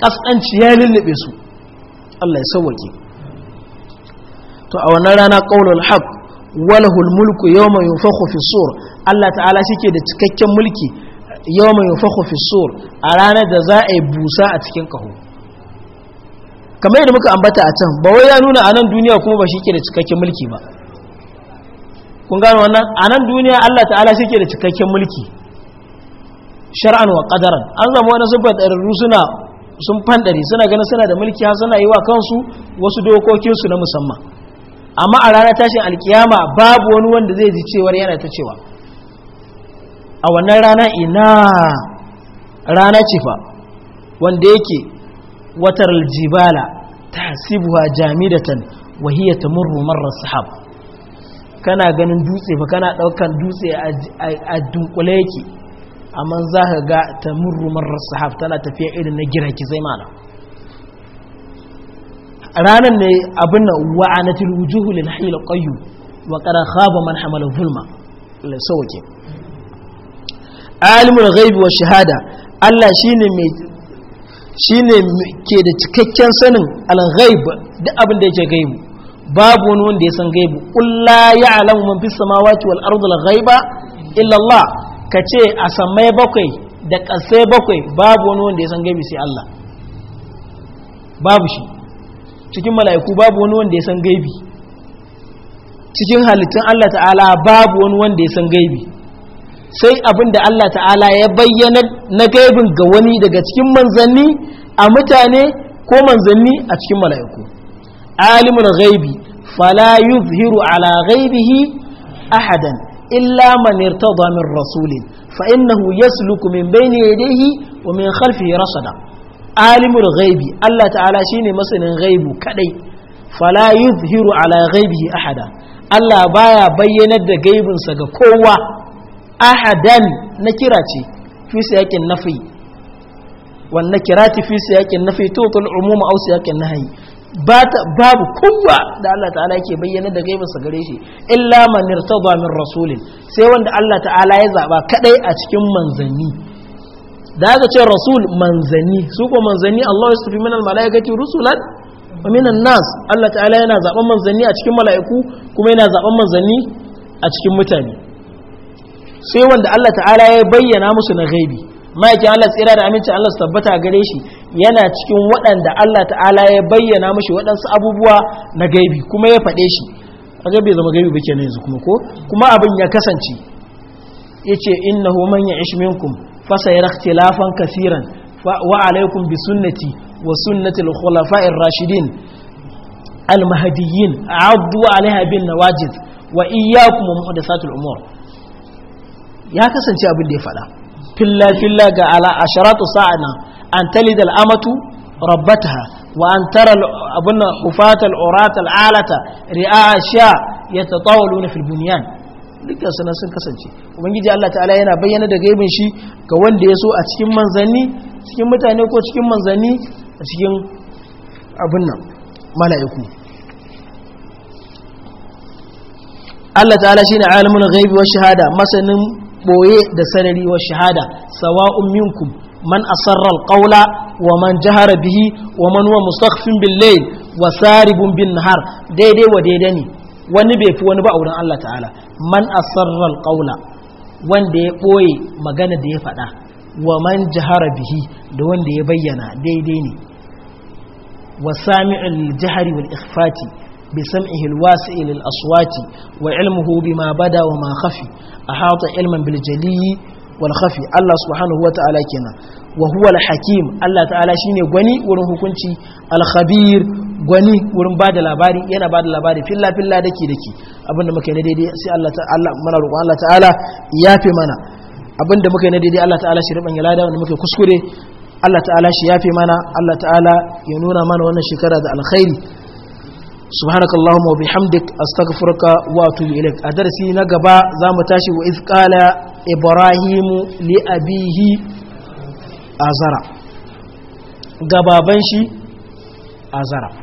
kaskanci ya lullube su Allah ya sauwake to a wannan rana qaulul haqq walahul mulku yawma yunfakhu fi sur Allah ta'ala shike da cikakken mulki yawma yunfakhu fi sur a ranar da za a yi busa a cikin kahu. kamar yadda muka ambata a can ba wai ya nuna a duniya kuma ba shi ke da cikakken mulki ba kun gano wannan a nan duniya Allah ta'ala shi ke da cikakken mulki shar'an wa qadaran an zama wani sun fadararru suna sun fandare suna ganin suna da mulki har suna yi wa kansu wasu dokokinsu na musamman amma a rana tashin alkiyama babu wani wanda zai ji cewar yana ta cewa a wannan rana ina rana ce fa wanda yake watar aljibala tahsibuha jamidatan wa hiya tamurru marra sahab kana ganin dutse ba kana daukan dutse a dunkule yake amma za ka ga tamurru marra sahab tana tafiya irin na giraki sai mana ranar ne abin nan wa'anatul wujuhu lil hayl qayyum wa qad khaba man hamala zulma la sawke alimul ghaibi wa shahada Allah shine mai Shi ne ke da cikakken sanin al-ghaib duk abin da yake gaibu babu wani wanda ya san gaibu ya alamu man fis samawati wal ardi al-ghaiba illa Allah kace a samai bakwai da kasai bakwai babu wani wanda ya san gaibi sai Allah babu shi cikin mala'iku babu wani wanda ya san gaibi cikin halittun Allah ta'ala babu wani wanda ya san gaibi sai abin da Allah ta'ala ya bayyana na gaibin ga wani daga cikin manzanni a mutane ko manzanni a cikin mala'iku alimul ghaibi fala yuzhiru ala ghaibihi ahadan illa man irtada min rasulin fa innahu yasluku min bayni yadayhi wa min khalfihi rasada alimul gaibi Allah ta'ala shine masanin gaibu kadai fala yuzhiru ala ghaibihi ahada Allah baya bayyanar da gaibinsa ga kowa ahadan na kira ce fi siyakin nafi wanne kira ta fi siyakin nafi to tul umuma au siyakin nahi babu kowa da Allah ta'ala yake bayyana da gaibinsa gare shi illa man irtada min rasulin sai wanda Allah ta'ala ya zaba kadai a cikin manzanni da aka ce rasul manzanni su ko manzanni Allah ya sufi min al-mala'ikati rusulan wa minan nas Allah ta'ala yana zaban manzanni a cikin mala'iku kuma yana zaban manzanni a cikin mutane sai wanda Allah ta'ala ya bayyana musu na gaibi ma'aikin Allah tsira da amincin Allah su tabbata gare shi yana cikin waɗanda Allah ta'ala ya bayyana mushi waɗansu abubuwa na gaibi kuma ya faɗe shi kaga bai zama gaibi ba kenan yanzu kuma ko kuma abin ya kasance yace inna man ya'ish minkum fa sayara ikhtilafan kaseeran wa alaykum bi sunnati wa sunnati al rashidin al-mahdiyyin a'addu 'alayha bin nawajiz wa iyyakum wa muhdathatil umur ya kasance abin da ya faɗa filla filla ga ala asharatu sa'ana an tali da al'amatu rabbataha wa an tara abin hufata al'urata al'alata ri'a sha ya tatawaluna fil bunyan dukkan sanan sun kasance ubangiji Allah ta'ala yana bayyana da gaibin shi ga wanda ya so a cikin manzanni cikin mutane ko cikin manzanni a cikin abin nan mala'iku Allah ta'ala shine alimul ghaibi wa shahada masanin boye da sarari wa shahada sawa'un minkum man asarra alqawla wa man jahara bihi wa man huwa mustakhfin bil layl wa saribun bin nahar daidai wa daidai ne wani bai fi wani ba a wurin Allah ta'ala man asarra alqawla wanda ya boye magana da ya faɗa wa man jahara bihi da wanda ya bayyana daidai ne wa sami'ul jahari wal ikhfati بسمعه الواسع للأصوات وعلمه بما بدا وما خفي أحاط علما بالجلي والخفي الله سبحانه وتعالى كنا وهو الحكيم الله تعالى شيني غني ورن حكمتي الخبير غني ورن بعد labari yana bada labari filla filla dake dake abinda muka ne daidai sai Allah ta'ala mana roƙon Allah ta'ala yafe abinda muka ne daidai Allah ta'ala shi ruban ya lada wanda muka kuskure Allah ta'ala shi yafe mana Allah ya nuna mana wannan shekara da alkhairi subhanakallahumma wa bihamdik astaghfiruka wa atubu ilaik a darasi na gaba za mu tashi wa izqala ibrahimu li abihi azara gababan shi azara